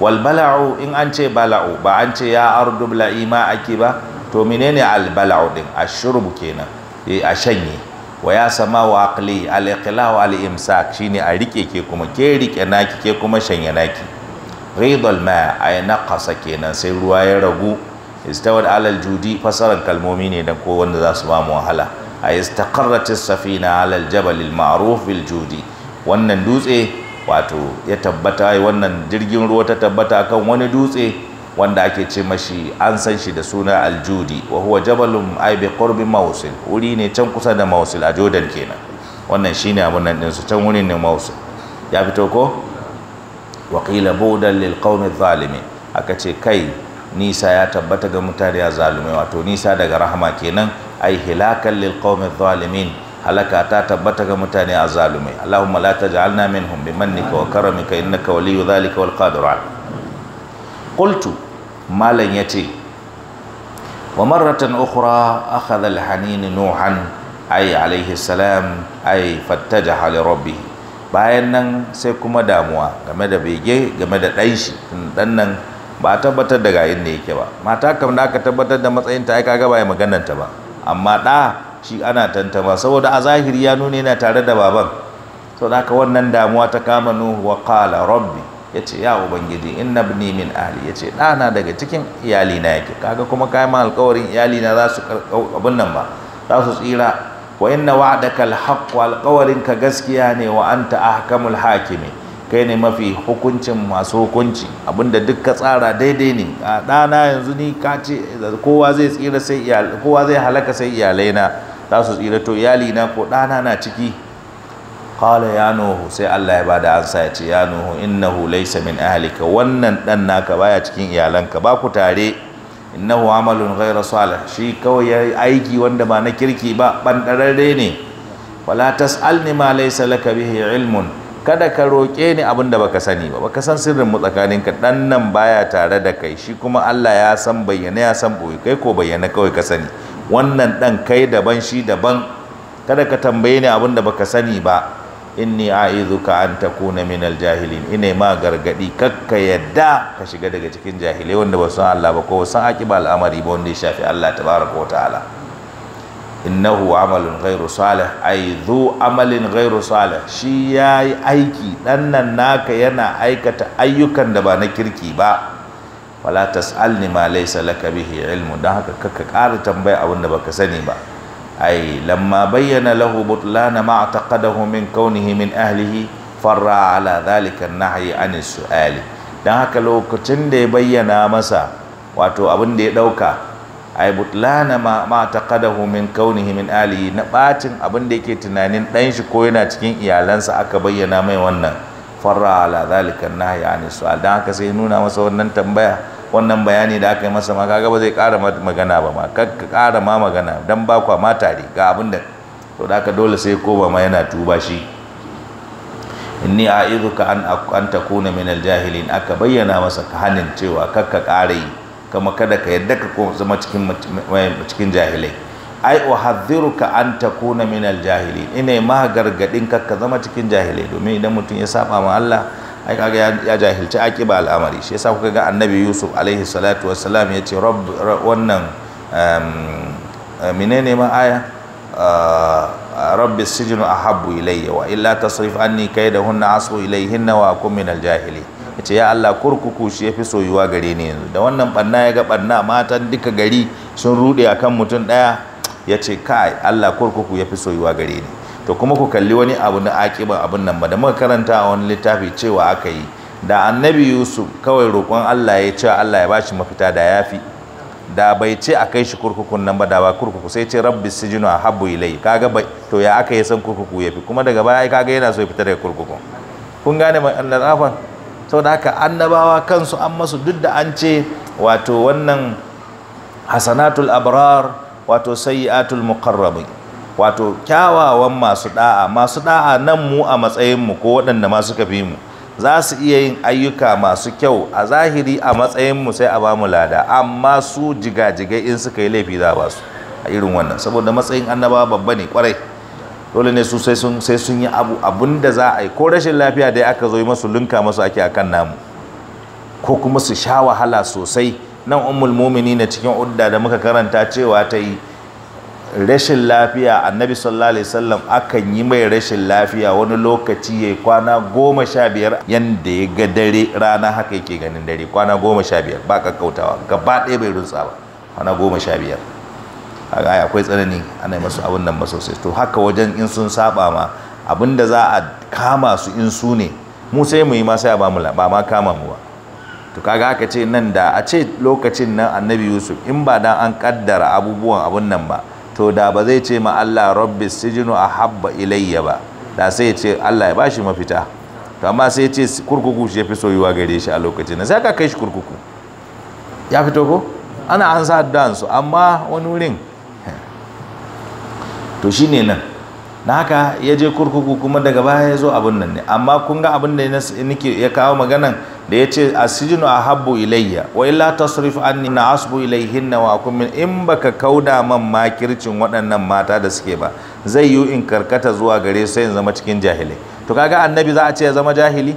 wal bala'u in an ce bala'u ba an ce ya ardu bla'i ma ake ba to menene al bala'u din ashrubu kenan eh a shanye wa ya sama wa aqli al iqla'u al imsak shine a rike ke kuma ke rike naki ke kuma shanye naki ridal ma ay naqasa kenan sai ruwa ya ragu istawad alal judi fasaran kalmomi ne dan ko wanda za su ba mu wahala a istaqarratis safina alal jabal ma'ruf bil judi wannan dutse wato ya tabbata wannan jirgin ruwa ta tabbata kan wani dutse wanda ake ce mashi an san shi da suna aljudi wa huwa jabalun ay bi qurbi wuri ne can kusa da mawsil a jordan kenan wannan shine abun nan din can wurin ne mawsil ya fito ko Wakila qila budan lil qaumi aka ce kai nisa ya tabbata ga mutane a zalume wato nisa daga rahama kenan ai hilakan lil qaumi zalimin halaka ta tabbata ga mutane a zalume Allahumma la taj'alna minhum bi mannika wa karamika innaka waliyyu dhalika wal qadir al qultu malan yace wa marratan ukhra akhadha al hanin nuhan ai alayhi salam ai fattajaha li rabbih bayan nan sai kuma damuwa game da bege game da ɗan shi ɗan nan ba a tabbatar da ga inda yake ba mata kam da aka tabbatar da matsayin ta ai kaga ba ya maganar ta ba amma da shi ana tantama saboda a zahiri ya nuna yana tare da baban to da wannan damuwa ta kama nuhu wa qala rabbi yace ya ubangiji inna ibni min ahli yace dana daga cikin iyali na yake kaga kuma kayan ma alƙawarin iyali na za su abin nan ba za su tsira wa inna wa'daka alhaq wa ka gaskiya ne wa anta ahkamul hakimi kai ne mafi hukuncin masu hukunci abinda duk ka tsara daidai ne a ɗana yanzu ni ka ce kowa zai tsira sai iyalai kowa zai halaka sai iyalai na za su tsira to iyali na ko ɗana na ciki qala ya nuhu sai Allah ya ba da ansa ya ce ya nuhu innahu laysa min ahlika wannan dan naka baya cikin iyalanka ba ku tare innahu amalun ghayra salih shi kawai yayi aiki wanda ba na kirki ba bandararre ne wala tasalni ma laysa laka bihi ilmun kada ka roƙe ni abin da baka sani ba baka san sirrin mu tsakaninka dan nan baya tare da kai shi kuma Allah ya san bayyana ya san boye kai ko bayyana kawai ka sani wannan dan kai daban shi daban kada ka tambaye ni abin da baka sani ba inni a'izuka an takuna min aljahilin ine ma gargadi kakka yadda ka shiga daga cikin jahilai wanda ba san Allah ba ko san akiba al'amari ba wanda ya shafi Allah tabaraka wa ta'ala innahu amalin ghairu salih ai zu amalin ghairu salih shi ya yi aiki dan nan naka yana aikata ayyukan da ba na kirki ba wala tas'alni ma laysa laka bihi ilmu dan haka kaka ƙara tambaya abin da baka sani ba ai lamma bayyana lahu butlana ma taqadahu min kaunihi min ahlihi farra ala dhalika nahyi an suali dan haka lokacin da ya bayyana masa wato abin da ya dauka ay butlana ma ma taqadahu min kaunihi min alihi na batin abin da yake tunanin dan shi ko yana cikin iyalansa aka bayyana mai wannan farra ala zalika nahi ani su'al dan aka sai nuna masa wannan tambaya wannan bayani da aka yi masa ma kaga ba zai ƙara magana ba ma kar ka ƙara ma magana dan ba kwa ma tare ga abin da to da aka dole sai ko ba ma yana tuba shi inni a'idhuka an an takuna min jahilin aka bayyana masa hanin cewa kar ka kara yi kama kada ka yadda ka zama cikin jahilai ai uhadhiruka an takuna min aljahili ina ma gargadin ka ka zama cikin jahilai domin idan mutum ya saba ma Allah ai kaga ya jahilci ba al'amari shi yasa kuka ga annabi Yusuf alaihi salatu wassalam ya ce rabb wannan eh, menene ma aya eh, rabbi sijnu ahabbu ilayya wa illa tasrif anni kaydahunna asu ilayhinna wa akum min jahili. ce ya Allah kurkuku shi ya fi soyuwa gare ni yanzu da wannan ɓanna ya ga ɓanna matan duka gari sun rude a kan mutum ɗaya ya ce kai Allah kurkuku ya fi soyuwa gare ni to kuma ku kalli wani abu na aƙiba abin nan ba da muka karanta a wani littafi cewa aka yi da annabi yusuf kawai roƙon Allah ya ce Allah ya bashi mafita da ya fi da bai ce a kai shi kurkukun nan ba da ba kurkuku sai ce rabbi sijinu a habbu ilai kaga bai to ya aka yi san kurkuku ya fi kuma daga baya kaga yana so ya fita daga kurkukun kun gane mai annarafan saboda haka annabawa kansu an masu duk da an ce wato wannan hasanatul abrar wato sayyatul Muqarrabi wato kyawawan masu da'a masu da'a nan mu a matsayin mu ko waɗanda ma suka mu za su iya yin ayyuka masu kyau a zahiri a matsayin mu sai a ba mu lada amma su jigajigai in suka yi laifi za basu ba su a irin wannan saboda matsayin annabawa babba ne kwarai dole ne su sai sun sai yi abu abun da za a yi ko rashin lafiya dai aka zo yi masu lunka masu ake a kan namu ko kuma su sha wahala sosai nan ummul na cikin udda da muka karanta cewa ta yi rashin lafiya annabi sallallahu alaihi wasallam akan yi mai rashin lafiya wani lokaci ya kwana goma sha biyar yanda ya ga dare rana haka yake ganin dare kwana goma sha biyar ba kakkautawa gaba ɗaya bai rutsa ba kwana goma sha biyar kaga akwai tsanani ana masu abin nan ba sosai to haka wajen in sun saba ma abin da za a kama su in su ne mu sai mu yi ma sai ba mu ba ma kama mu ba to kaga aka ce nan da a ce lokacin nan annabi yusuf in ba dan an kaddara abubuwan abun nan ba to da ba zai ce ma Allah rabbi sijinu habba ilayya ba da sai ya ce Allah ya bashi mafita to amma sai ya ce kurkuku shi ya fi soyuwa gare shi a lokacin nan sai aka kai shi kurkuku ya fito ko ana an sa su amma wani wurin to ne nan na haka ya je kurkuku kuma daga baya ya zo abin nan ne amma kun ga abin da ya kawo maganan da ya ce asijinu ahabbu ilayya wa illa tasrif anni na asbu na wa min in baka kauda man makircin waɗannan mata da suke ba zai yi in karkata zuwa gare sai in zama cikin jahili to kaga annabi za a ce ya zama jahili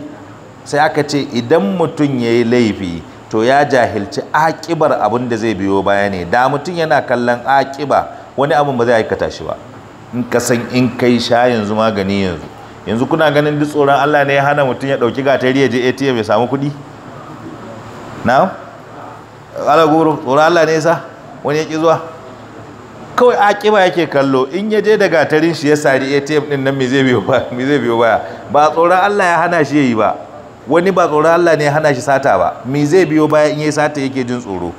sai aka ce idan mutum ya yi laifi to ya jahilci akibar abin da zai biyo baya ne da mutum yana kallon akiba wani abin ba zai aikata shi ba in ka san in kai sha yanzu magani yanzu yanzu kuna ganin duk tsoron Allah ne ya hana mutum ya dauki gatari ya je ATM ya samu kuɗi na ala goro tsoron Allah ne yasa wani ya ki zuwa kawai kiba yake kallo in ya je da gatarin shi ya sari ATM din nan me zai biyo ba me zai biyo baya ba tsoron Allah ya hana shi yayi ba wani ba tsoron Allah ne ya hana shi sata ba me zai biyo baya in yayi sata yake jin tsoro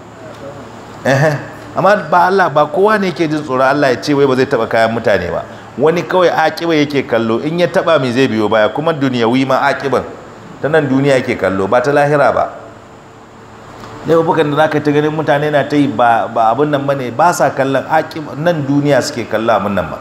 eh amma ba Allah ba kowa ne yake jin tsoron Allah ya ce wai ba zai taba kayan mutane ba wani kawai akiba yake kallo in ya taba mai zai biyo baya kuma duniyawi ma akiban ta nan duniya yake kallo ba ta lahira ba ne bukan da zaka ta ganin mutane na ta yi ba abin nan ba ne ba sa kallon akiba nan duniya suke kallo abin nan ba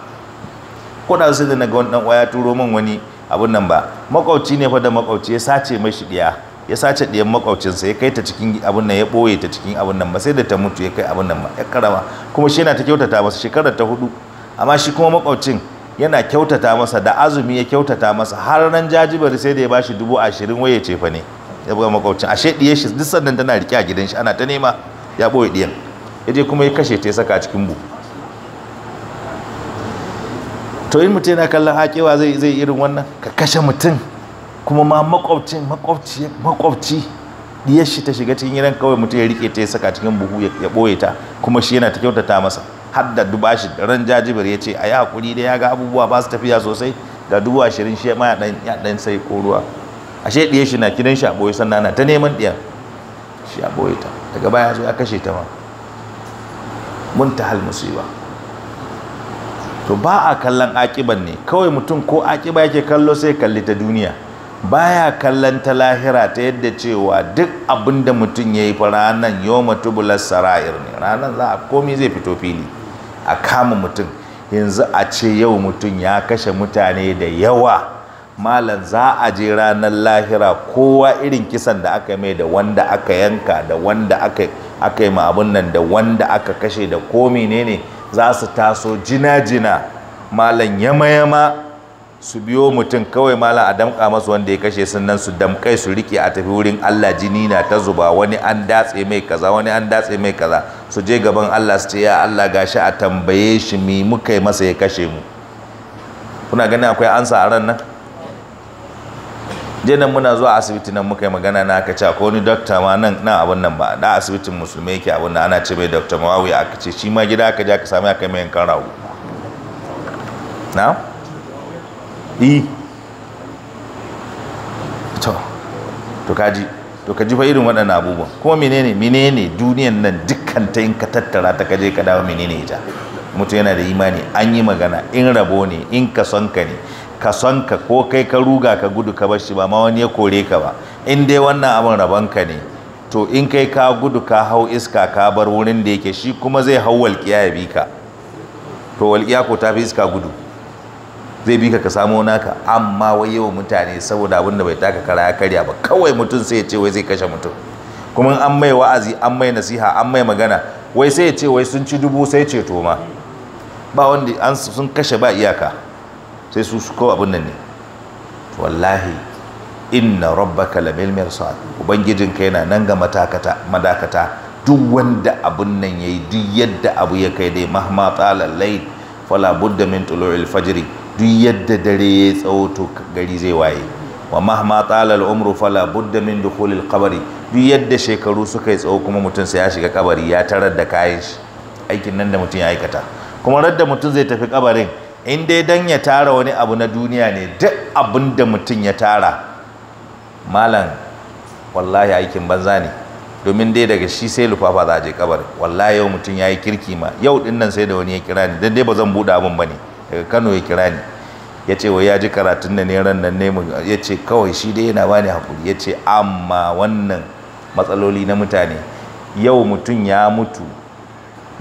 ko da su da ga wani dan waya turo min wani abin nan ba makwauci ne fa da makwauci ya sace mai shi ɗiya. ya sace ɗiyan makwabcinsa ya kai ta cikin abin nan ya ɓoye ta cikin abin nan ba sai da ta mutu ya kai abin nan ba ya karama kuma shi yana ta kyautata masa shekarar ta hudu amma shi kuma makwabcin yana kyautata masa da azumi ya kyautata masa har nan jajibari sai da ya bashi dubu ashirin waye ce fa ne ya buga makwabcin ashe ɗiyan shi duk sannan tana riƙe a gidan shi ana ta nema ya ɓoye ɗiyan ya je kuma ya kashe ta ya saka a cikin bu to in mutum yana kallon haƙewa zai zai irin wannan ka kashe mutum kuma ma makwabci makwabci makwabci diyar shi ta shiga cikin gidan kawai mutum ya rike ta ya saka cikin buhu ya boye ta kuma shi yana ta kyautata masa har da duba shi ran jajibar ya ce a yi hakuri da ya ga abubuwa ba su tafiya sosai ga dubu ashirin shi ma ya ɗan sai ko ruwa ashe diyar shi na gidan shi a boye sannan na ta neman diyar shi a boye ta daga baya zo ya kashe ta ma mun ta hal musiba to ba a kallon akiban ne kawai mutum ko akiba yake kallo sai kalli ta duniya baya kallon ta lahira ta yadda cewa duk abin da mutum ya yi fa ranar yoma tubular sara'ir ne ranar za a komi zai fito fili a kama mutum yanzu a ce yau mutum ya kashe mutane da yawa malam za a je ranar lahira kowa irin kisan da aka mai da wanda aka yanka da wanda aka yi ma nan da wanda aka kashe da komi ne ne za su taso jina-jina malam yama-yama su biyo mutum kawai mala a damƙa masu wanda ya kashe sun nan su damƙai su riƙe a tafi wurin Allah jini na ta zuba wani an datse mai kaza wani an datse mai kaza su je gaban Allah su ce ya Allah gashi a tambaye shi mi muka yi masa ya kashe mu kuna ganin akwai ansa a ran nan je nan muna zuwa asibiti nan muka yi magana na aka ce ko wani dokta ma nan na abin nan ba da asibitin musulmai yake abin nan ana ce mai dokta mawawi aka ce shi ma gida aka je aka sami aka mai yankan rago na'am yi e. to to kaji to kaji fa irin waɗannan abubuwan kuma menene menene duniyan nan dukkan ta in ka tattara ta kaje ka dawo menene ita mutum yana da imani an yi magana in rabo ne in ka son ka ne ka son ka ko kai ka ruga ka gudu ka bar shi ba ma wani ya kore ka ba in dai wannan abin rabon ka ne to in kai ka gudu ka hau iska ka bar wurin da yake shi kuma zai hau walƙiya ya bi ka to walƙiya ko ta fi iska gudu zai bi ka ka samo naka amma wai yawan mutane saboda abin da bai taka kara ya karya ba kawai mutum sai ya ce wai zai kashe mutum kuma an mai wa'azi an mai nasiha an mai magana wai sai ya ce wai sun ci dubu sai ceto ma ba wanda an sun kashe ba iyaka sai su su kawai abin nan ne wallahi inna rabbaka sa'ad ubangijin ka yana nan ga matakata madakata duk wanda abun nan yayi duk yadda abu ya kai dai mahma talal layl fala budda min tulu'il fajri duk yadda dare ya tsawo to gari zai waye wa mahma talal umru fala budda min dukhulil qabri duk yadda shekaru suka yi tsawo kuma mutum sai ya shiga kabari ya tarar da kayan shi aikin nan da mutum ya aikata kuma radda mutum zai tafi kabarin in dai dan ya tara wani abu na duniya ne duk abin da mutum ya tara malam wallahi aikin banza ne domin dai daga shi sai lufafa za a je kabarin wallahi yau mutum ya yi kirki ma yau din nan sai da wani ya kira ni dan dai ba zan buɗe abin ba ne daga kano ya kira ni ya ce wai ya ji karatun da ne ran nan ne ya ce kawai shi dai yana bani hakuri ya ce amma wannan matsaloli na mutane yau mutum ya mutu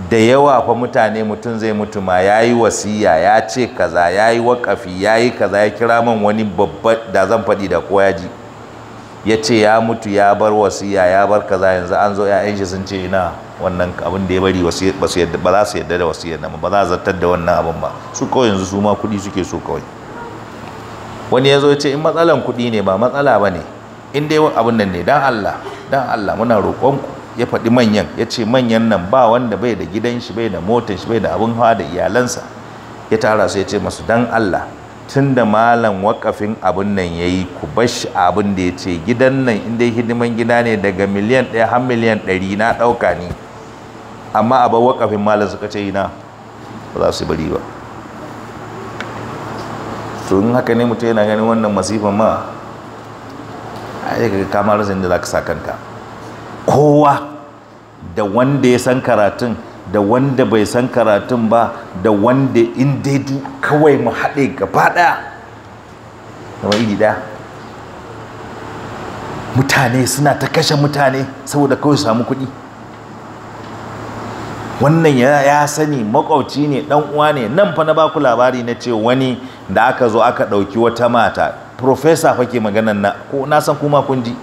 da yawa fa mutane mutum zai mutu ma ya yi wasiya ya ce kaza ya yi wakafi ya yi kaza ya kira man wani babba da zan faɗi da kowa ya ji ya ce ya mutu ya bar wasiya ya bar kaza yanzu an zo 'ya'yan shi sun ce ina wannan abin da ya bari ba za su yadda da wasiyar nan ba za a zartar da wannan abin ba su kawai yanzu su ma kuɗi suke so kawai wani ya zo ya ce in matsalan kuɗi ne ba matsala ba ne in dai abin nan ne dan Allah dan Allah muna roƙonku ya faɗi manyan ya ce manyan nan ba wanda bai da gidan shi bai da motar shi bai da abin hawa da iyalansa ya tara su ya ce masu dan Allah tun da malam wakafin abin nan ya yi ku bashi abin da ya ce gidan nan inda hidiman gida ne daga miliyan ɗaya har miliyan ɗari na ɗauka ne amma a bar kafin malam suka ce ina ba za su bari ba to haka ne mutum yana ganin wannan masifan ma a yi ka kama zai da za ka sa kanka kowa da wanda ya san karatun da wanda bai san karatun ba da wanda in dai kawai mu haɗe gaba ɗaya da wani ɗaya mutane suna ta kashe mutane saboda kawai samu kuɗi wannan ya sani makwauci ne dan uwa ne nan fa na baku labari na ce wani da aka zo aka ɗauki wata mata professor fa ke maganan na ko na san kuma kun ji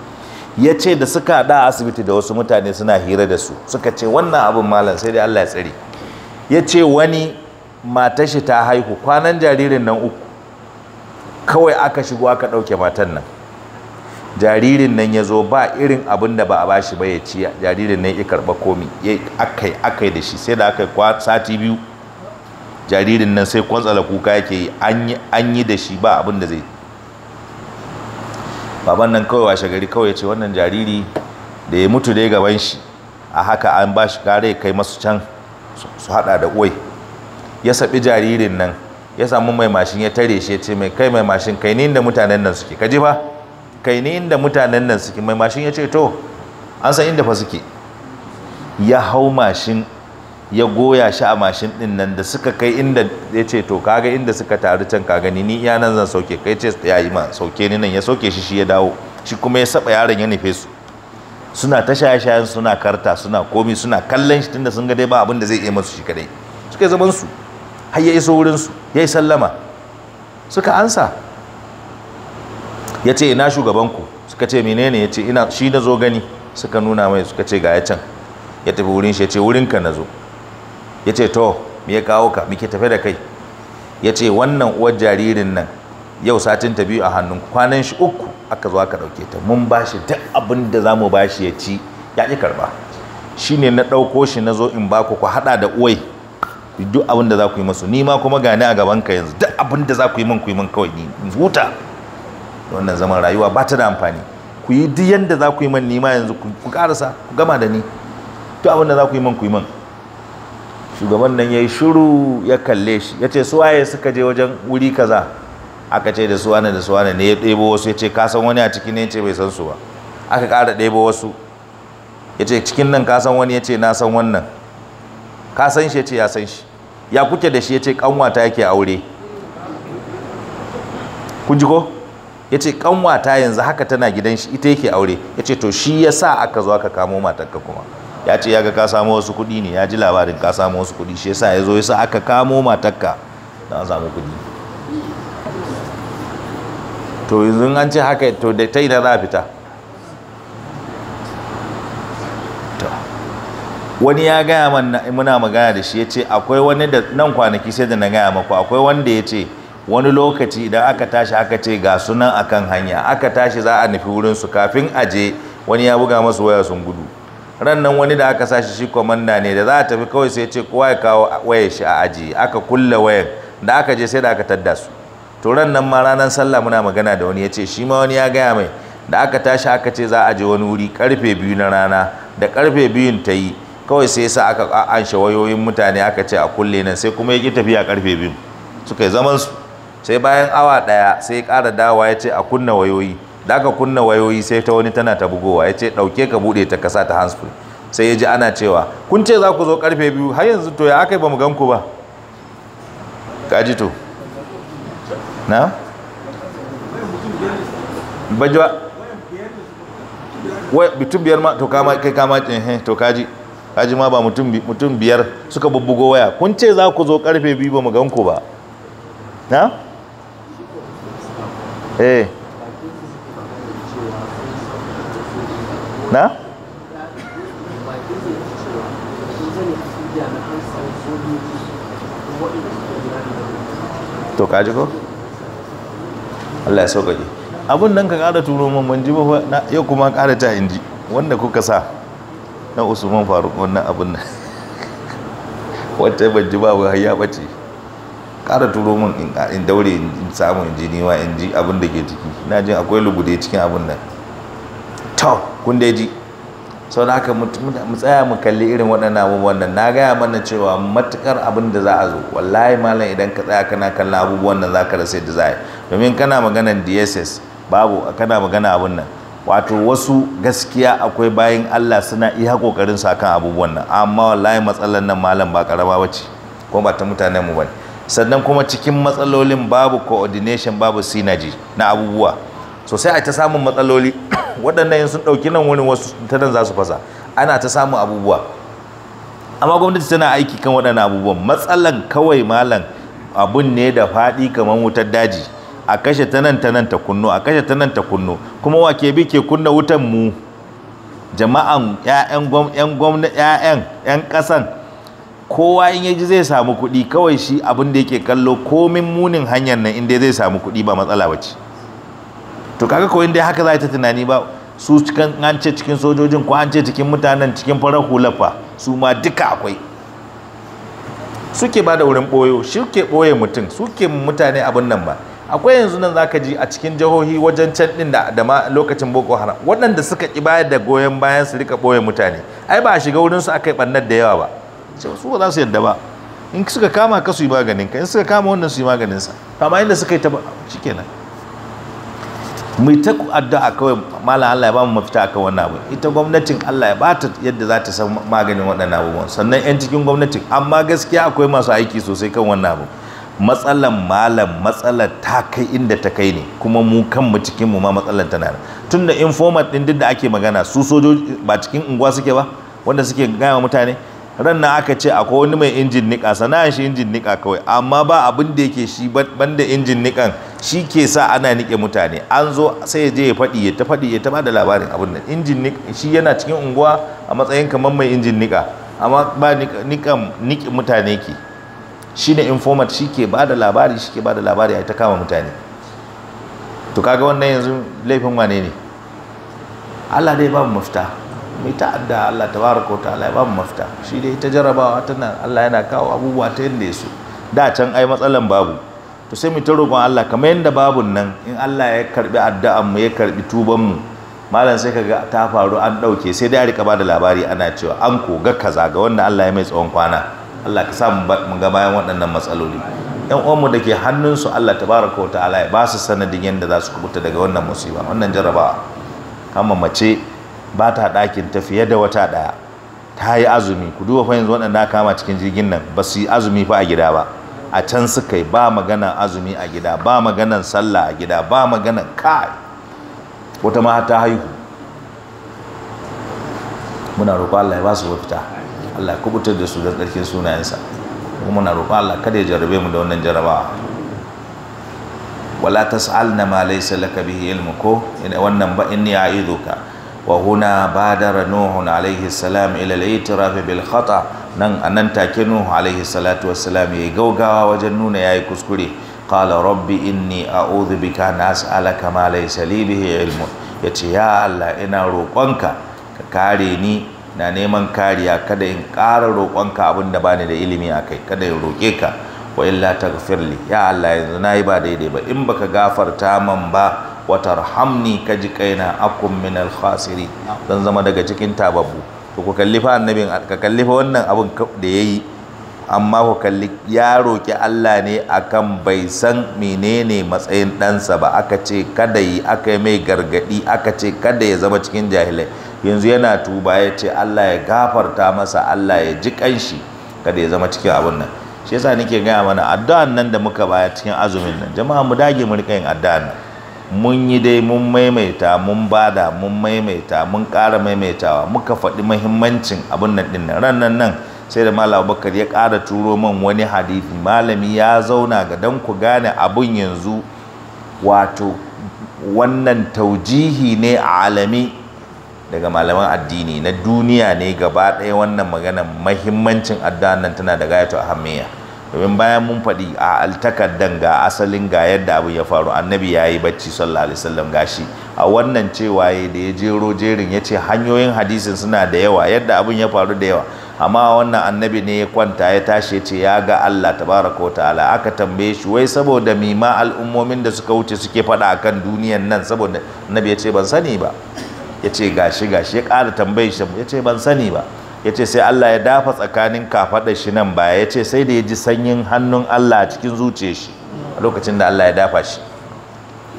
ya ce da suka da asibiti da wasu mutane suna hira da su suka ce wannan abin malam sai dai Allah ya tsare ya ce wani matar shi ta haihu kwanan jaririn nan uku kawai aka shigo aka ɗauke matan nan jaririn nan ya zo ba irin abin da ba a bashi ba ya ci jaririn nan ya karba komi akai akai da shi sai da aka kwa sati biyu jaririn nan sai kwantsala kuka yake yi an yi da shi ba abin da zai baban nan kawai washe gari kawai ya ce wannan jariri da ya mutu dai gaban shi a haka an ba shi kare kai masu can su hada da uwai ya saɓi jaririn nan ya samu mai mashin ya tare shi ya ce mai kai mai mashin kai ni da mutanen nan suke ji ba kai ne inda mutanen nan suke mai mashin ya ce to an san inda fa suke ya hau mashin ya goya shi a mashin din nan da suka kai inda ya ce to kaga inda suka taru can ka gani ni iya nan zan sauke kai ce ya yi ma sauke ni nan ya sauke shi shi ya dawo shi kuma ya saba yaron ya nufe su suna ta shaye-shayen suna karta suna komi suna kallon shi tunda sun ga dai ba abin da zai iya masu shi kadai suka yi zaman su har ya iso wurin su ya yi sallama suka ansa ya ce ina shugabanku suka ce menene ya ce ina shi na zo gani suka nuna mai suka ce ga ya can ya tafi wurin shi ya ce wurinka na zo ya ce to me ya kawo ka muke tafe da kai ya ce wannan uwar jaririn nan yau satin ta biyu a hannun kwanan shi uku aka zo aka dauke ta mun ba shi duk abin da za mu ba shi ya ci ya ƙi karɓa shi ne na ɗauko shi na zo in ba ku ku haɗa da uwai duk abin da za ku yi masu ni ma kuma gani a gaban ka yanzu duk abin da za ku yi min ku yi min kawai ni huta wannan zaman rayuwa ba ta da amfani ku yi duk yadda za ku yi man nima yanzu ku karasa ku gama da ni duk abin da za ku yi man ku yi man shugaban nan ya yi shiru ya kalle shi ya ce su waye suka je wajen wuri kaza aka ce da suwane da suwane ne ya ɗebo wasu ya ce ka san wani a ciki ne ya ce bai san su ba aka ƙara ɗebo wasu ya ce cikin nan ka san wani ya ce na san wannan ka san shi ya ce ya san shi ya kuke da shi ya ce ƙanwata yake aure kun ji ko ya ce kanwata yanzu haka tana gidan shi ita yake aure ya ce to shi ya sa aka zo aka kamo matarka kuma ya ce ya ga ka samu wasu kuɗi ne ya ji labarin ka samu wasu kuɗi shi ya sa ya zo ya sa aka kamo matarka don samu kuɗi to yanzu an ce haka to da ta ina za a fita wani ya gaya mana muna magana da shi ya ce akwai wani da nan kwanaki sai da na gaya maku akwai wanda ya ce wani lokaci idan aka tashi aka ce ga sunan akan hanya aka tashi za a nufi wurin su kafin aje wani ya buga masu waya sun gudu Rannan wani da aka sashi shi kwamanda ne da za a tafi kawai sai ce kowa ya kawo wayar shi a aji aka kulle wayan, da aka je sai da aka tadda su to rannan ma ranar sallah muna magana da wani ya ce shi ma wani ya gaya mai da aka tashi aka ce za a je wani wuri karfe biyu na rana da karfe biyun ta yi kawai sai sa aka anshe wayoyin mutane aka ce a kulle nan sai kuma ya ƙi tafiya karfe biyun suka yi zaman su sai bayan awa daya sai ƙara dawa ya ce a kunna wayoyi da aka kunna wayoyi sai ta wani tana ta bugowa ya ce ɗauke ka buɗe ta kasa ta handsfree sai ya ji ana cewa kun ce za ku zo karfe biyu har yanzu to ya aka yi ba mu ganku ku ba kaji to na baji ba wai mutum biyar ma to kama kai kama eh to kaji kaji ma ba mutum biyar suka bubbugo waya kun ce za ku zo karfe biyu ba mu ganku ba na eh na? to kaji ko? Allah ya sauƙaƙe Abun nan ka kara turo man ban ji ba yau kuma ƙara ta inji wanda kuka sa na usman faruk wannan abun nan wata ban ji ba ya bace. ƙara turo min in daure in samu in ji niwa in ji abin da ke ciki ina jin akwai lugude cikin abin nan to kun dai ji sau da mu tsaya mu kalli irin waɗannan abubuwan nan na gaya mana cewa matukar abin da za a zo wallahi malam idan ka tsaya kana kallon abubuwan nan za ka rasa yadda za a yi domin kana maganan dss babu kana magana abin nan wato wasu gaskiya akwai bayan Allah suna iya kokarin su akan abubuwan nan amma wallahi matsalar nan malam ba karama bace ko ba ta mutanen mu bane sannan kuma cikin matsalolin babu coordination babu synergy na abubuwa so sai a ta samun matsaloli waɗannan yin sun ɗauki nan wurin wasu ta nan za su fasa ana ta samun abubuwa amma gwamnati tana aiki kan waɗannan abubuwan matsalan kawai malam abun ne da faɗi kamar wutar daji a kashe ta nan ta nan ta kunno a kashe ta nan ta kunno kuma wa ke bi ke kunna wutan mu jama'an 'ya'yan 'yan 'yan kowa in yaji zai samu kuɗi kawai shi abin da yake kallo komin munin hanyar nan inda zai samu kuɗi ba matsala ba ce to kaga ko inda haka za ta tunani ba su cikin an ce cikin sojojin ko an ce cikin mutanen cikin farar hulafa su ma duka akwai suke ba da wurin ɓoyo suke boye mutum suke mutane abin nan ba akwai yanzu nan zaka ji a cikin jihohi wajen can ɗin da da ma lokacin boko haram waɗanda suka ki da goyon bayan su rika boye mutane ai ba a shiga wurinsu aka yi bannar da yawa ba sai su ba za su yadda ba in suka kama ka su yi maganin ka in suka kama wannan su yi maganin sa amma inda suka yi ta nan mu ta a kawai malam Allah ya ba mu mafita akan wannan abu ita gwamnatin Allah ya bata yadda za ta san maganin waɗannan abubuwan sannan yan cikin gwamnatin amma gaskiya akwai masu aiki sosai kan wannan abu matsalan malam matsalar ta kai inda ta kai ne kuma mu kanmu cikin mu ma matsalan tana da tunda informat din duk da ake magana su sojoji ba cikin unguwa suke ba wanda suke gaya mutane ran nan aka ce akwai wani mai injin nika sana'a shi injin nika kawai amma ba abin da yake shi banda injin nikan shi ke sa ana nike mutane an zo sai ya je ya faɗi ya ta faɗi ya ta bada labarin abin nan injin nika shi yana cikin unguwa a matsayin kamar mai injin nika amma ba nikan nike mutane ke shi ne informat shi ke bada labari shi ke bada labari a ta kama mutane to kaga wannan yanzu laifin wane ne Allah dai babu mafita mai ta'adda Allah tabaraka ta'ala ya ba mu mafita shi dai ta jarabawa tana Allah yana kawo abubuwa ta yadda su da can ai matsalan babu to sai mu ta roƙon Allah kamar yadda babun nan in Allah ya karbi addu'an mu ya karbi tuban mu malam sai kaga ta faru an dauke sai dai a rika bada labari ana cewa an ko ga kaza ga wanda Allah ya mai tsawon kwana Allah ka sa mu ga bayan waɗannan matsaloli yan mu da ke su Allah tabaraka wa ta'ala ya ba su sanadin yadda za su kubuta daga wannan musiba wannan jarabawa kama mace ba ta ɗakin ta fiye da wata ɗaya ta yi azumi ku duba fahimtar waɗanda waɗanda kama cikin jirgin nan ba su yi azumi fa a gida ba a can suka yi ba maganan azumi a gida ba maganan sallah a gida ba maganan kai wata ma ta haihu muna roƙo Allah ya ba su wafita Allah ya kubutar da su da tsarkin sunayensa kuma muna roƙo Allah kada ya jarabe mu da wannan jarabawa wala tas'alna ma laysa laka bihi ilmu ko wannan ba inni a'idhuka وهنا بادر نوح عليه السلام إلى الاعتراف بالخطأ نن أنن تاكي نوح عليه الصلاة والسلام يغوغا وجنون يا كسكري قال ربي إني أعوذ بك أن أسألك ما ليس لي به علم يتي يا الله إنا روقنك كاريني na neman kariya kada in ƙara roƙonka abin da bani da ilimi a kai kada in roƙe ka wa illa taghfirli ya Allah yanzu nayi ba daidai ba in baka gafarta man ba watarhamni ka ji kaina akum min alkhasiri zan zama daga cikin tababu to ku kalli annabin ka kalli fa wannan abin da yayi amma ku kalli ya roki Allah ne akan bai san menene matsayin ɗansa ba aka ce kada yi aka yi mai gargadi aka ce kada ya zama cikin jahilai yanzu yana tuba ya ce Allah ya gafarta masa Allah ya ji kanshi kada ya zama cikin abin nan shi yasa nake gaya mana addu'an nan da muka baya cikin azumin nan jama'a mu dage mu rika yin addu'an nan mun yi dai mun maimaita mun bada mun maimaita mun ƙara maimaitawa muka faɗi mahimmancin abin nan ɗin nan ran nan sai da malam abubakar ya ƙara turo man wani hadithi malami ya zauna ga dan ku gane abin yanzu wato wannan taujihi ne a alami daga malaman addini na duniya ne gaba ɗaya wannan maganan mahimmancin addu'an nan tana da a hamiya. domin bayan mun faɗi a altakaddan ga asalin ga yadda abu ya faru annabi ya yi bacci sallallahu alaihi wasallam gashi a wannan cewa da ya jero jerin ya ce hanyoyin hadisin suna da yawa yadda abin ya faru da yawa amma wannan annabi ne ya kwanta ya tashi ce ya ga Allah tabaraka ta'ala aka tambaye shi wai saboda mima al'ummomin da suka wuce suke faɗa akan duniyan nan saboda annabi ya ce ban sani ba ya ce gashi gashi ya ƙara tambaye shi ya ce ban sani ba ya ce sai Allah ya dafa tsakanin kafaɗa shi nan ba ya ce sai da ya ji sanyin hannun Allah cikin zuce shi a lokacin da Allah ya dafa shi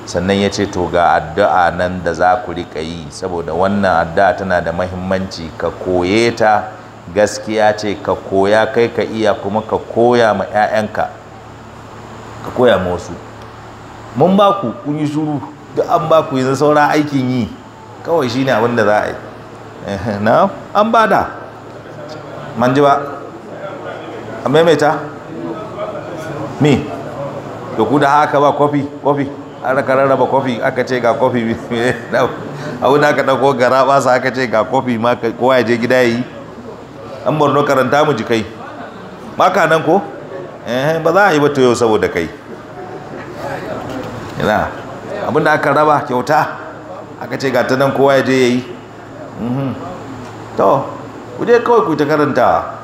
sannan ya ce to ga addu'a nan da za ku riƙa yi saboda wannan addu'a tana da mahimmanci ka koye ta gaskiya ce ka koya kai ka iya kuma ka koya ma 'ya'yanka ka koya ma wasu mun ba ku kun yi shuru duk an ba ku yanzu saura aikin yi kawai shine abin da za a yi na an da manji ba a maimaita mi da ku da haka ba kofi kofi an raka rarraba kofi aka ce ga kofi abu da aka dauko gara basa aka ce ga kofi ma kowa ya je gida ya yi an borno karanta mu ji kai maka nan ko eh, ba za a yi ba yau saboda kai yana da aka raba kyauta aka ce ga ta nan kowa ya je ya yi mhm. to ku je kawai ku ta karanta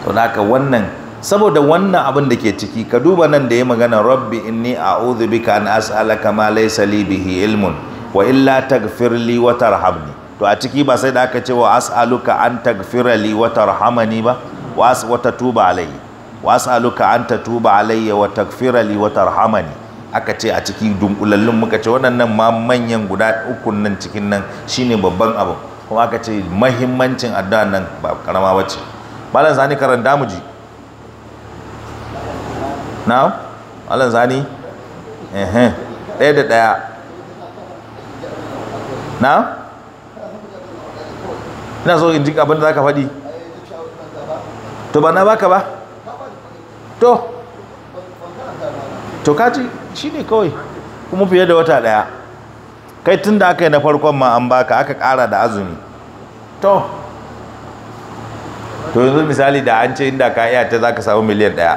to naka wannan saboda wannan abin da ke ciki ka duba nan da ya magana rabbi inni a'udhu bika an as'alaka ma laysa li bihi ilmun wa illa taghfir li wa tarhamni to a ciki ba sai da aka ce wa as'aluka an taghfira li wa tarhamani ba wa as wa tatuba alayya wa as'aluka an tatuba alayya wa taghfira li wa tarhamani aka ce a ciki dunkulallun muka ce waɗannan ma manyan guda ukunan cikin nan shine babban abu kuma aka ce mahimmancin addu'an nan ba karama wacce malam zani karanta mu na balan malam zani eh ɗaya da ɗaya na ina so in ji abinda za ka faɗi to ba na baka ba to to kaji ne kawai kuma fiye da wata ɗaya kai tun da aka yi na farkon ma an baka aka kara da azumi to to yanzu misali da an ce inda ka iya ta za ka samu miliyan ɗaya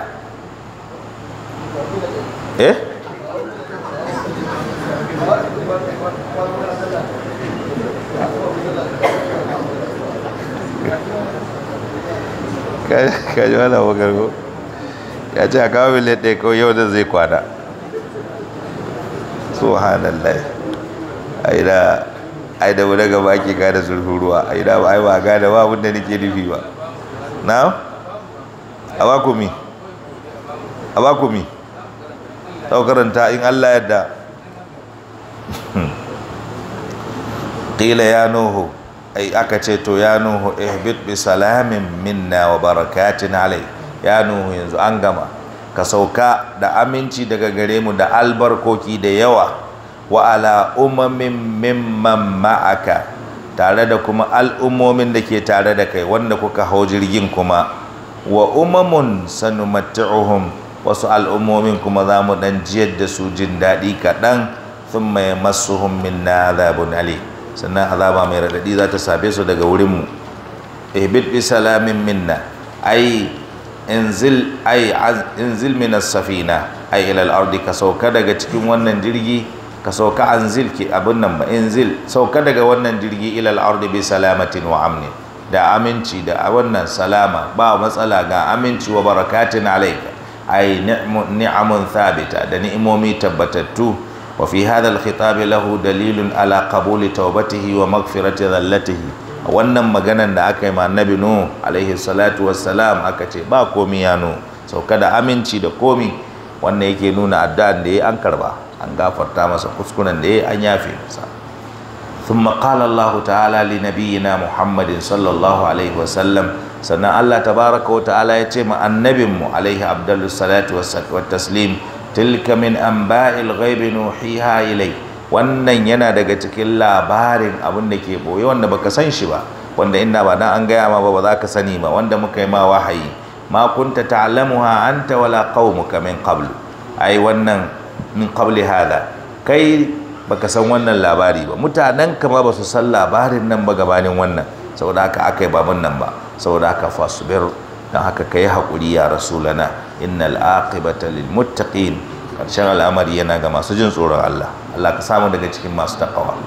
eh kaji wala abokargo ya ce a kawo miliyan ɗaya kawai yau da zai kwana subhanallah aida da ai daga wani gaba ake gane zurfin ruwa ai da ai ba da ba abin da nake nufi ba na a ba ku mi a mi sau karanta in Allah yadda qila ya nuhu ai aka ce to ya nuhu ihbit bi salamin minna wa barakatin alai ya nuhu yanzu an gama ka sauka da aminci daga gare mu da albarkoki da yawa wa ala umamin mimman ma'aka tare da kuma al'ummomin da ke tare da kai wanda kuka hau jirgin kuma wa umamun sanumattu'uhum wasu al'ummomin kuma za mu dan jiyar da su jin daɗi kaɗan sun mai masuhun na azabun ali sannan azaba mai raɗaɗi za ta same su daga wurinmu ihbit bi salamin minna ai inzil ai inzil safina ai ilal ardi ka sauka daga cikin wannan jirgi ka sauka an ki abin nan ba in zil sauka daga wannan jirgi ilal ardi bi salamatin wa amni da aminci da wannan salama ba matsala ga aminci wa barakatin alaika ay ni'amun thabita da ni'imomi tabbatattu wa fi hadha al-khitab lahu dalilun ala qabuli tawbatihi wa maghfirati dhallatihi wannan maganan da aka yi ma annabi nu alaihi salatu wassalam aka ce ba komi ya nu sauka da aminci da komi wannan yake nuna addu'an da yayi an karba an gafarta masa kuskuren da ya yi an yafe masa thumma qala Allah ta'ala li nabiyyina Muhammadin sallallahu alaihi wa sallam sannan Allah tabaraka wa ta'ala ya ce ma annabin mu alaihi abdallus salatu wa taslim tilka min anba'il ghaibi nuhiha ilai wannan yana daga cikin labarin abin da ke boye wanda baka san shi ba wanda inda ba dan an gaya ma ba ba za ka sani ba wanda muka yi ma wahayi ma kunta ta'lamuha anta wala qaumuka min qablu ai wannan min qabli hada kai baka san wannan labari ba mutanen ka ma basu san labarin nan ba gabanin wannan saboda haka akai baban nan ba saboda haka fasbir dan haka kai hakuri ya rasulana innal aqibata lil muttaqin karshen al'amari yana ga masu jin tsoron Allah Allah ka samu daga cikin masu takawa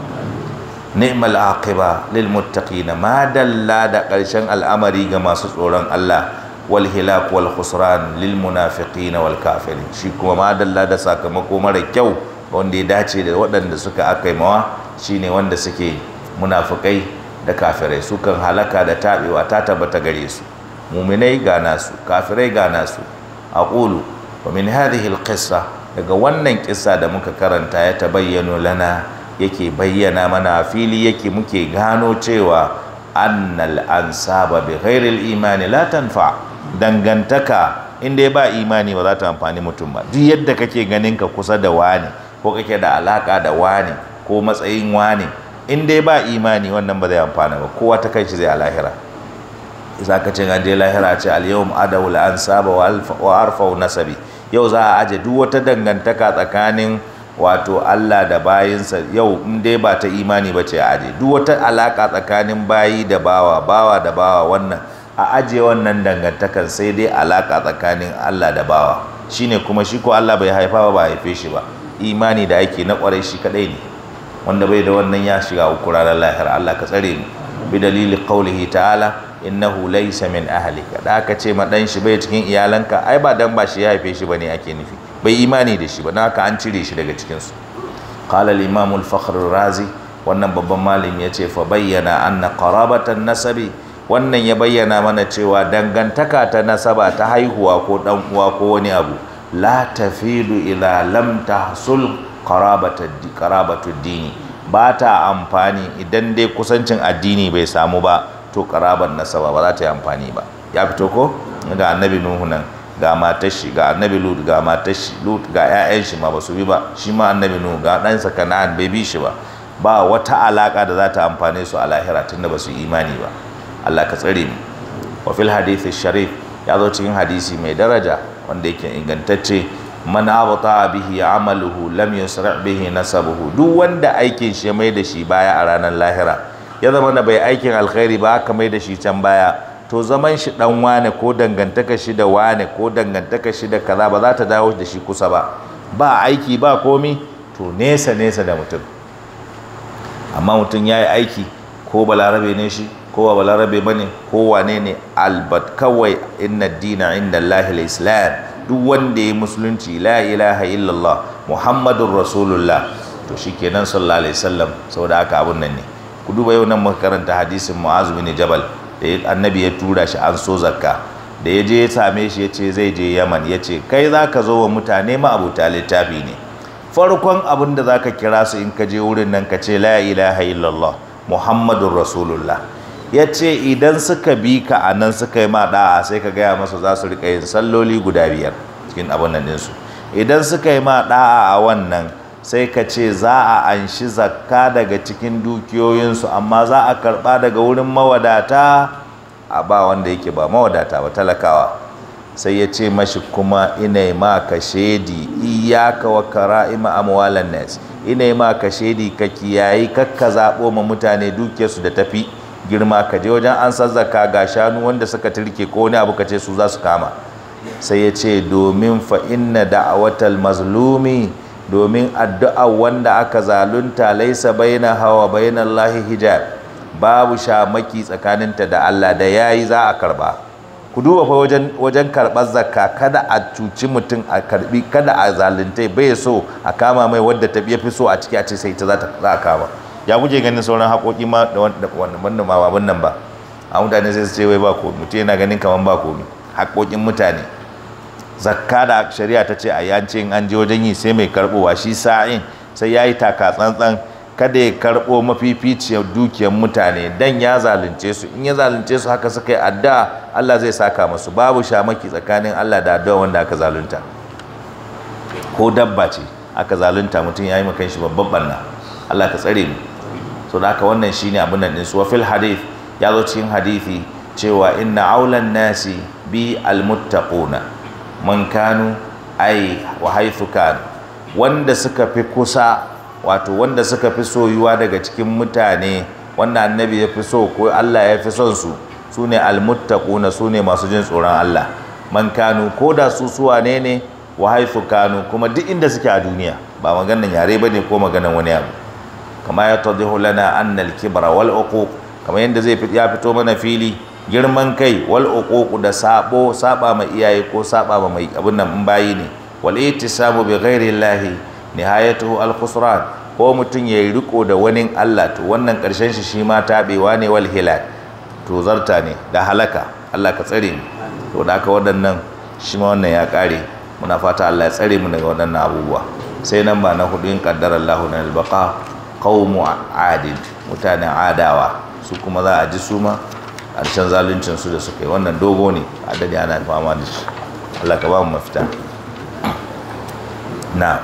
ni'mal aqiba lil muttaqin ma dalla da karshen al'amari ga masu tsoron Allah wal hilak wal khusran lil munafiqin wal kafirin shi kuma madalla da sakamako mara kyau wanda ya dace da waɗanda suka akai mawa shine wanda suke munafikai da kafirai su kan halaka da tabewa ta tabbata gare su muminai ga nasu kafirai ga nasu aqulu wa min hadhihi al daga wannan kisa da muka karanta ya tabayyano lana yake bayyana mana fili yake muke gano cewa annal ansaba bi ghairi al-imani la tanfa' dangantaka in dai ba imani ba za ta amfani mutum ba duk yadda kake ganin ka kusa da wani ko kake da alaka da wani ko matsayin wani in dai ba imani wannan ba zai amfana ba kowa ta kai shi zai a lahira za ka ce an je lahira ce al-yawm adawul ansaba wa arfau nasabi yau za a aje duk wata dangantaka tsakanin wato Allah da bayinsa yau in dai ba ta imani ba ce a aje duk wata alaka tsakanin bayi da bawa bawa da bawa wannan a ajiye wannan dangantakar sai dai alaka tsakanin Allah da bawa shine kuma shi ko Allah bai haifa ba ba haife shi ba imani da ake na kwarai shi kadai ne wanda bai da wannan ya shiga hukurarar lahira Allah ka tsare mu bi dalili qaulihi ta'ala innahu laysa min ahlika da aka ce ma dan shi bai cikin iyalanka ai ba dan ba shi ya haife shi bane ake nufi bai imani da shi ba naka haka an cire shi daga cikin su qala al-imam al-fakhr razi wannan babban malami yace fa bayyana anna qarabatan nasabi wannan ya bayyana mana cewa dangantaka ta nasaba ta haihuwa ko dan uwa ko wani abu la tafidu ila lam tahsul qarabatu dini ba ta amfani idan dai kusancin addini bai samu ba to qarabar nasaba ba za ta yi amfani ba ya fito ko ga annabi nuhu nan ga matar shi ga annabi lut ga matar shi lut ga ƴaƴan shi ma ba su bi ba shi ma annabi nuhu ga ɗansa kana'an bai bi shi ba ba wata alaka da za ta amfane su a lahira tunda ba su imani ba Allah ka tsare ni wa fil hadith sharif ya zo cikin hadisi mai daraja wanda yake ingantacce man abata bihi amaluhu lam yusra' bihi nasabuhu duk wanda aikin shi mai da shi baya a ranar lahira ya zama na bai aikin alkhairi ba aka mai da shi can baya to zaman shi dan wane ko dangantaka shi da wane ko dangantaka shi da kaza ba za ta dawo da shi kusa ba ba aiki ba komi to nesa nesa da mutum amma mutum ya yi aiki ko balarabe ne shi kowa balarabe ba ne kowa ne ne albat kawai inna dina inda lahil islam duk wanda ya musulunci la ilaha illallah muhammadun rasulullah to shi ke nan sallallahu alaihi wasallam da aka abun nan ne ku duba yau nan makaranta karanta hadisin mu'azu bin jabal da ya annabi ya tura shi an so zakka da ya je ya same shi ya ce zai je yaman ya ce kai za ka zo wa mutane ma ta littafi ne farkon abin da za ka kira su in ka je wurin nan ka ce la ilaha illallah muhammadun rasulullah ya ce idan suka bi ka a nan suka yi ma sai ka gaya masa za su riƙa yin salloli guda biyar cikin abin nan ɗinsu idan suka yi ma ɗa'a a wannan sai ka ce za a anshi zakka daga cikin dukiyoyinsu amma za a karɓa daga wurin mawadata a ba wanda yake ba mawadata ba talakawa sai ya ce mashi kuma ina ma ka shedi iyaka wa kara'ima amwalan nas ina ma ka shedi ka kiyayi kakka zaɓo ma mutane dukiyarsu da tafi girma ka je wajen an sazzaka ga shanu wanda suka tirke ko wani abu ka ce su za su kama sai ya ce domin fa inna da'awatal mazlumi domin addu'a wanda aka zalunta laisa baina hawa baina Allah hijab babu shamaki tsakaninta da Allah da yayi za a karba ku duba fa wajen wajen karbar zakka kada a cuci mutum a karbi kada a zaluntai bai so a kama mai wadda ta fi so a ciki a ce sai ta za a kama ya guje ganin sauran haƙoƙi ma da wanda ma babban nan ba a mutane sai su ce wai ba komi mutum yana ganin kamar ba komi haƙoƙin mutane zakka da shari'a ta ce a yance in an je wajen yi sai mai karɓowa shi sa'in sai ya yi taka tsantsan kada ya karɓo mafificiyar dukiyar mutane dan ya zalunce su in ya zalunce su haka suka yi adda Allah zai saka masu babu shamaki tsakanin Allah da addu'a wanda aka zalunta ko dabba ce aka zalunta mutum ya yi makan shi babban barna Allah ka tsare mu so wannan shine abin nan din su wa fil hadith ya zo cikin hadithi cewa inna aulan nasi bi almuttaquna man kanu ai wa haythu kanu wanda suka fi kusa wato wanda suka fi soyuwa daga cikin mutane wanda annabi ya fi so ko Allah ya fi son su su ne almuttaquna su ne masu jin tsoron Allah man kanu ko da su suwa ne ne wa haythu kanu kuma duk inda suke a duniya ba maganan yare bane ko maganan wani abu kama ya tadihu lana annal kibra wal uquq kama yanda zai ya fito mana fili girman kai wal uquq da sabo saba ma iyaye ko saba mai abin nan bayi ne wal ittisamu bi ghairi llahi nihayatuhu al khusran ko mutun yayi riko da wani Allah to wannan karshen shi shi ma tabewa ne wal hilal to zarta ne da halaka Allah ka tsare mu to da aka waɗannan shi ma wannan ya kare muna fata Allah ya tsare mu daga waɗannan abubuwa sai nan ba na hudu in qaddara Allahu na al qaumu adid mutanen adawa su kuma za a ji su ma ƙarshen zaluncin su da suka yi wannan dogo ne a dade ana fama da shi Allah ka ba mu mafita na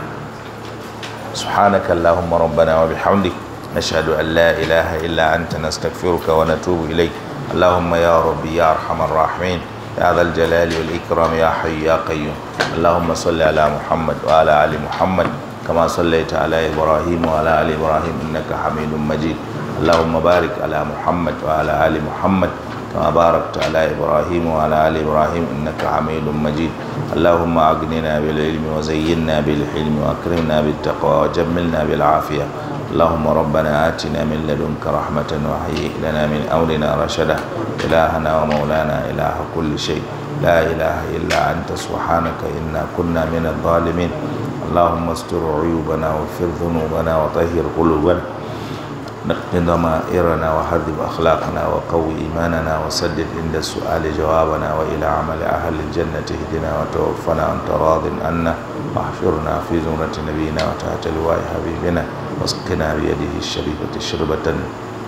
subhanaka allahumma rabbana wa bihamdik nashhadu an la ilaha illa anta nastaghfiruka wa natubu ilayk allahumma ya ربي ya ارحم الراحمين يا ذا الجلال والاكرام يا حي يا قيوم اللهم صل على محمد وعلى ال محمد كما صليت على إبراهيم وعلى آل إبراهيم إنك حميد مجيد اللهم بارك على محمد وعلى آل محمد كما باركت على إبراهيم وعلى آل إبراهيم إنك حميد مجيد اللهم أغننا بالعلم وزينا بالحلم وأكرمنا بالتقوى وجملنا بالعافية اللهم ربنا آتنا من لدنك رحمة وهيئ لنا من أمرنا رشدا إلهنا ومولانا إله كل شيء لا إله إلا أنت سبحانك إنا كنا من الظالمين اللهم استر عيوبنا واغفر ذنوبنا وطهر قلوبنا نقض ضمائرنا وحذب أخلاقنا وقوي إيماننا وسدد عند السؤال جوابنا وإلى عمل أهل الجنة اهدنا وتوفنا أنت راض عنا واحفرنا في زمرة نبينا وتحت لواء حبيبنا واسقنا بيده الشريفة شربة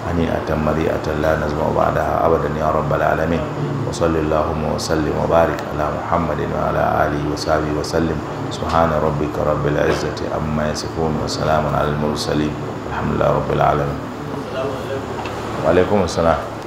هنيئة مريئة لا نزمع بعدها أبدا يا رب العالمين وصل اللهم وسلم وبارك على محمد وعلى آله وصحبه وسلم سبحان ربك رب العزة عما يصفون وسلام على المرسلين الحمد لله رب العالمين وعليكم السلام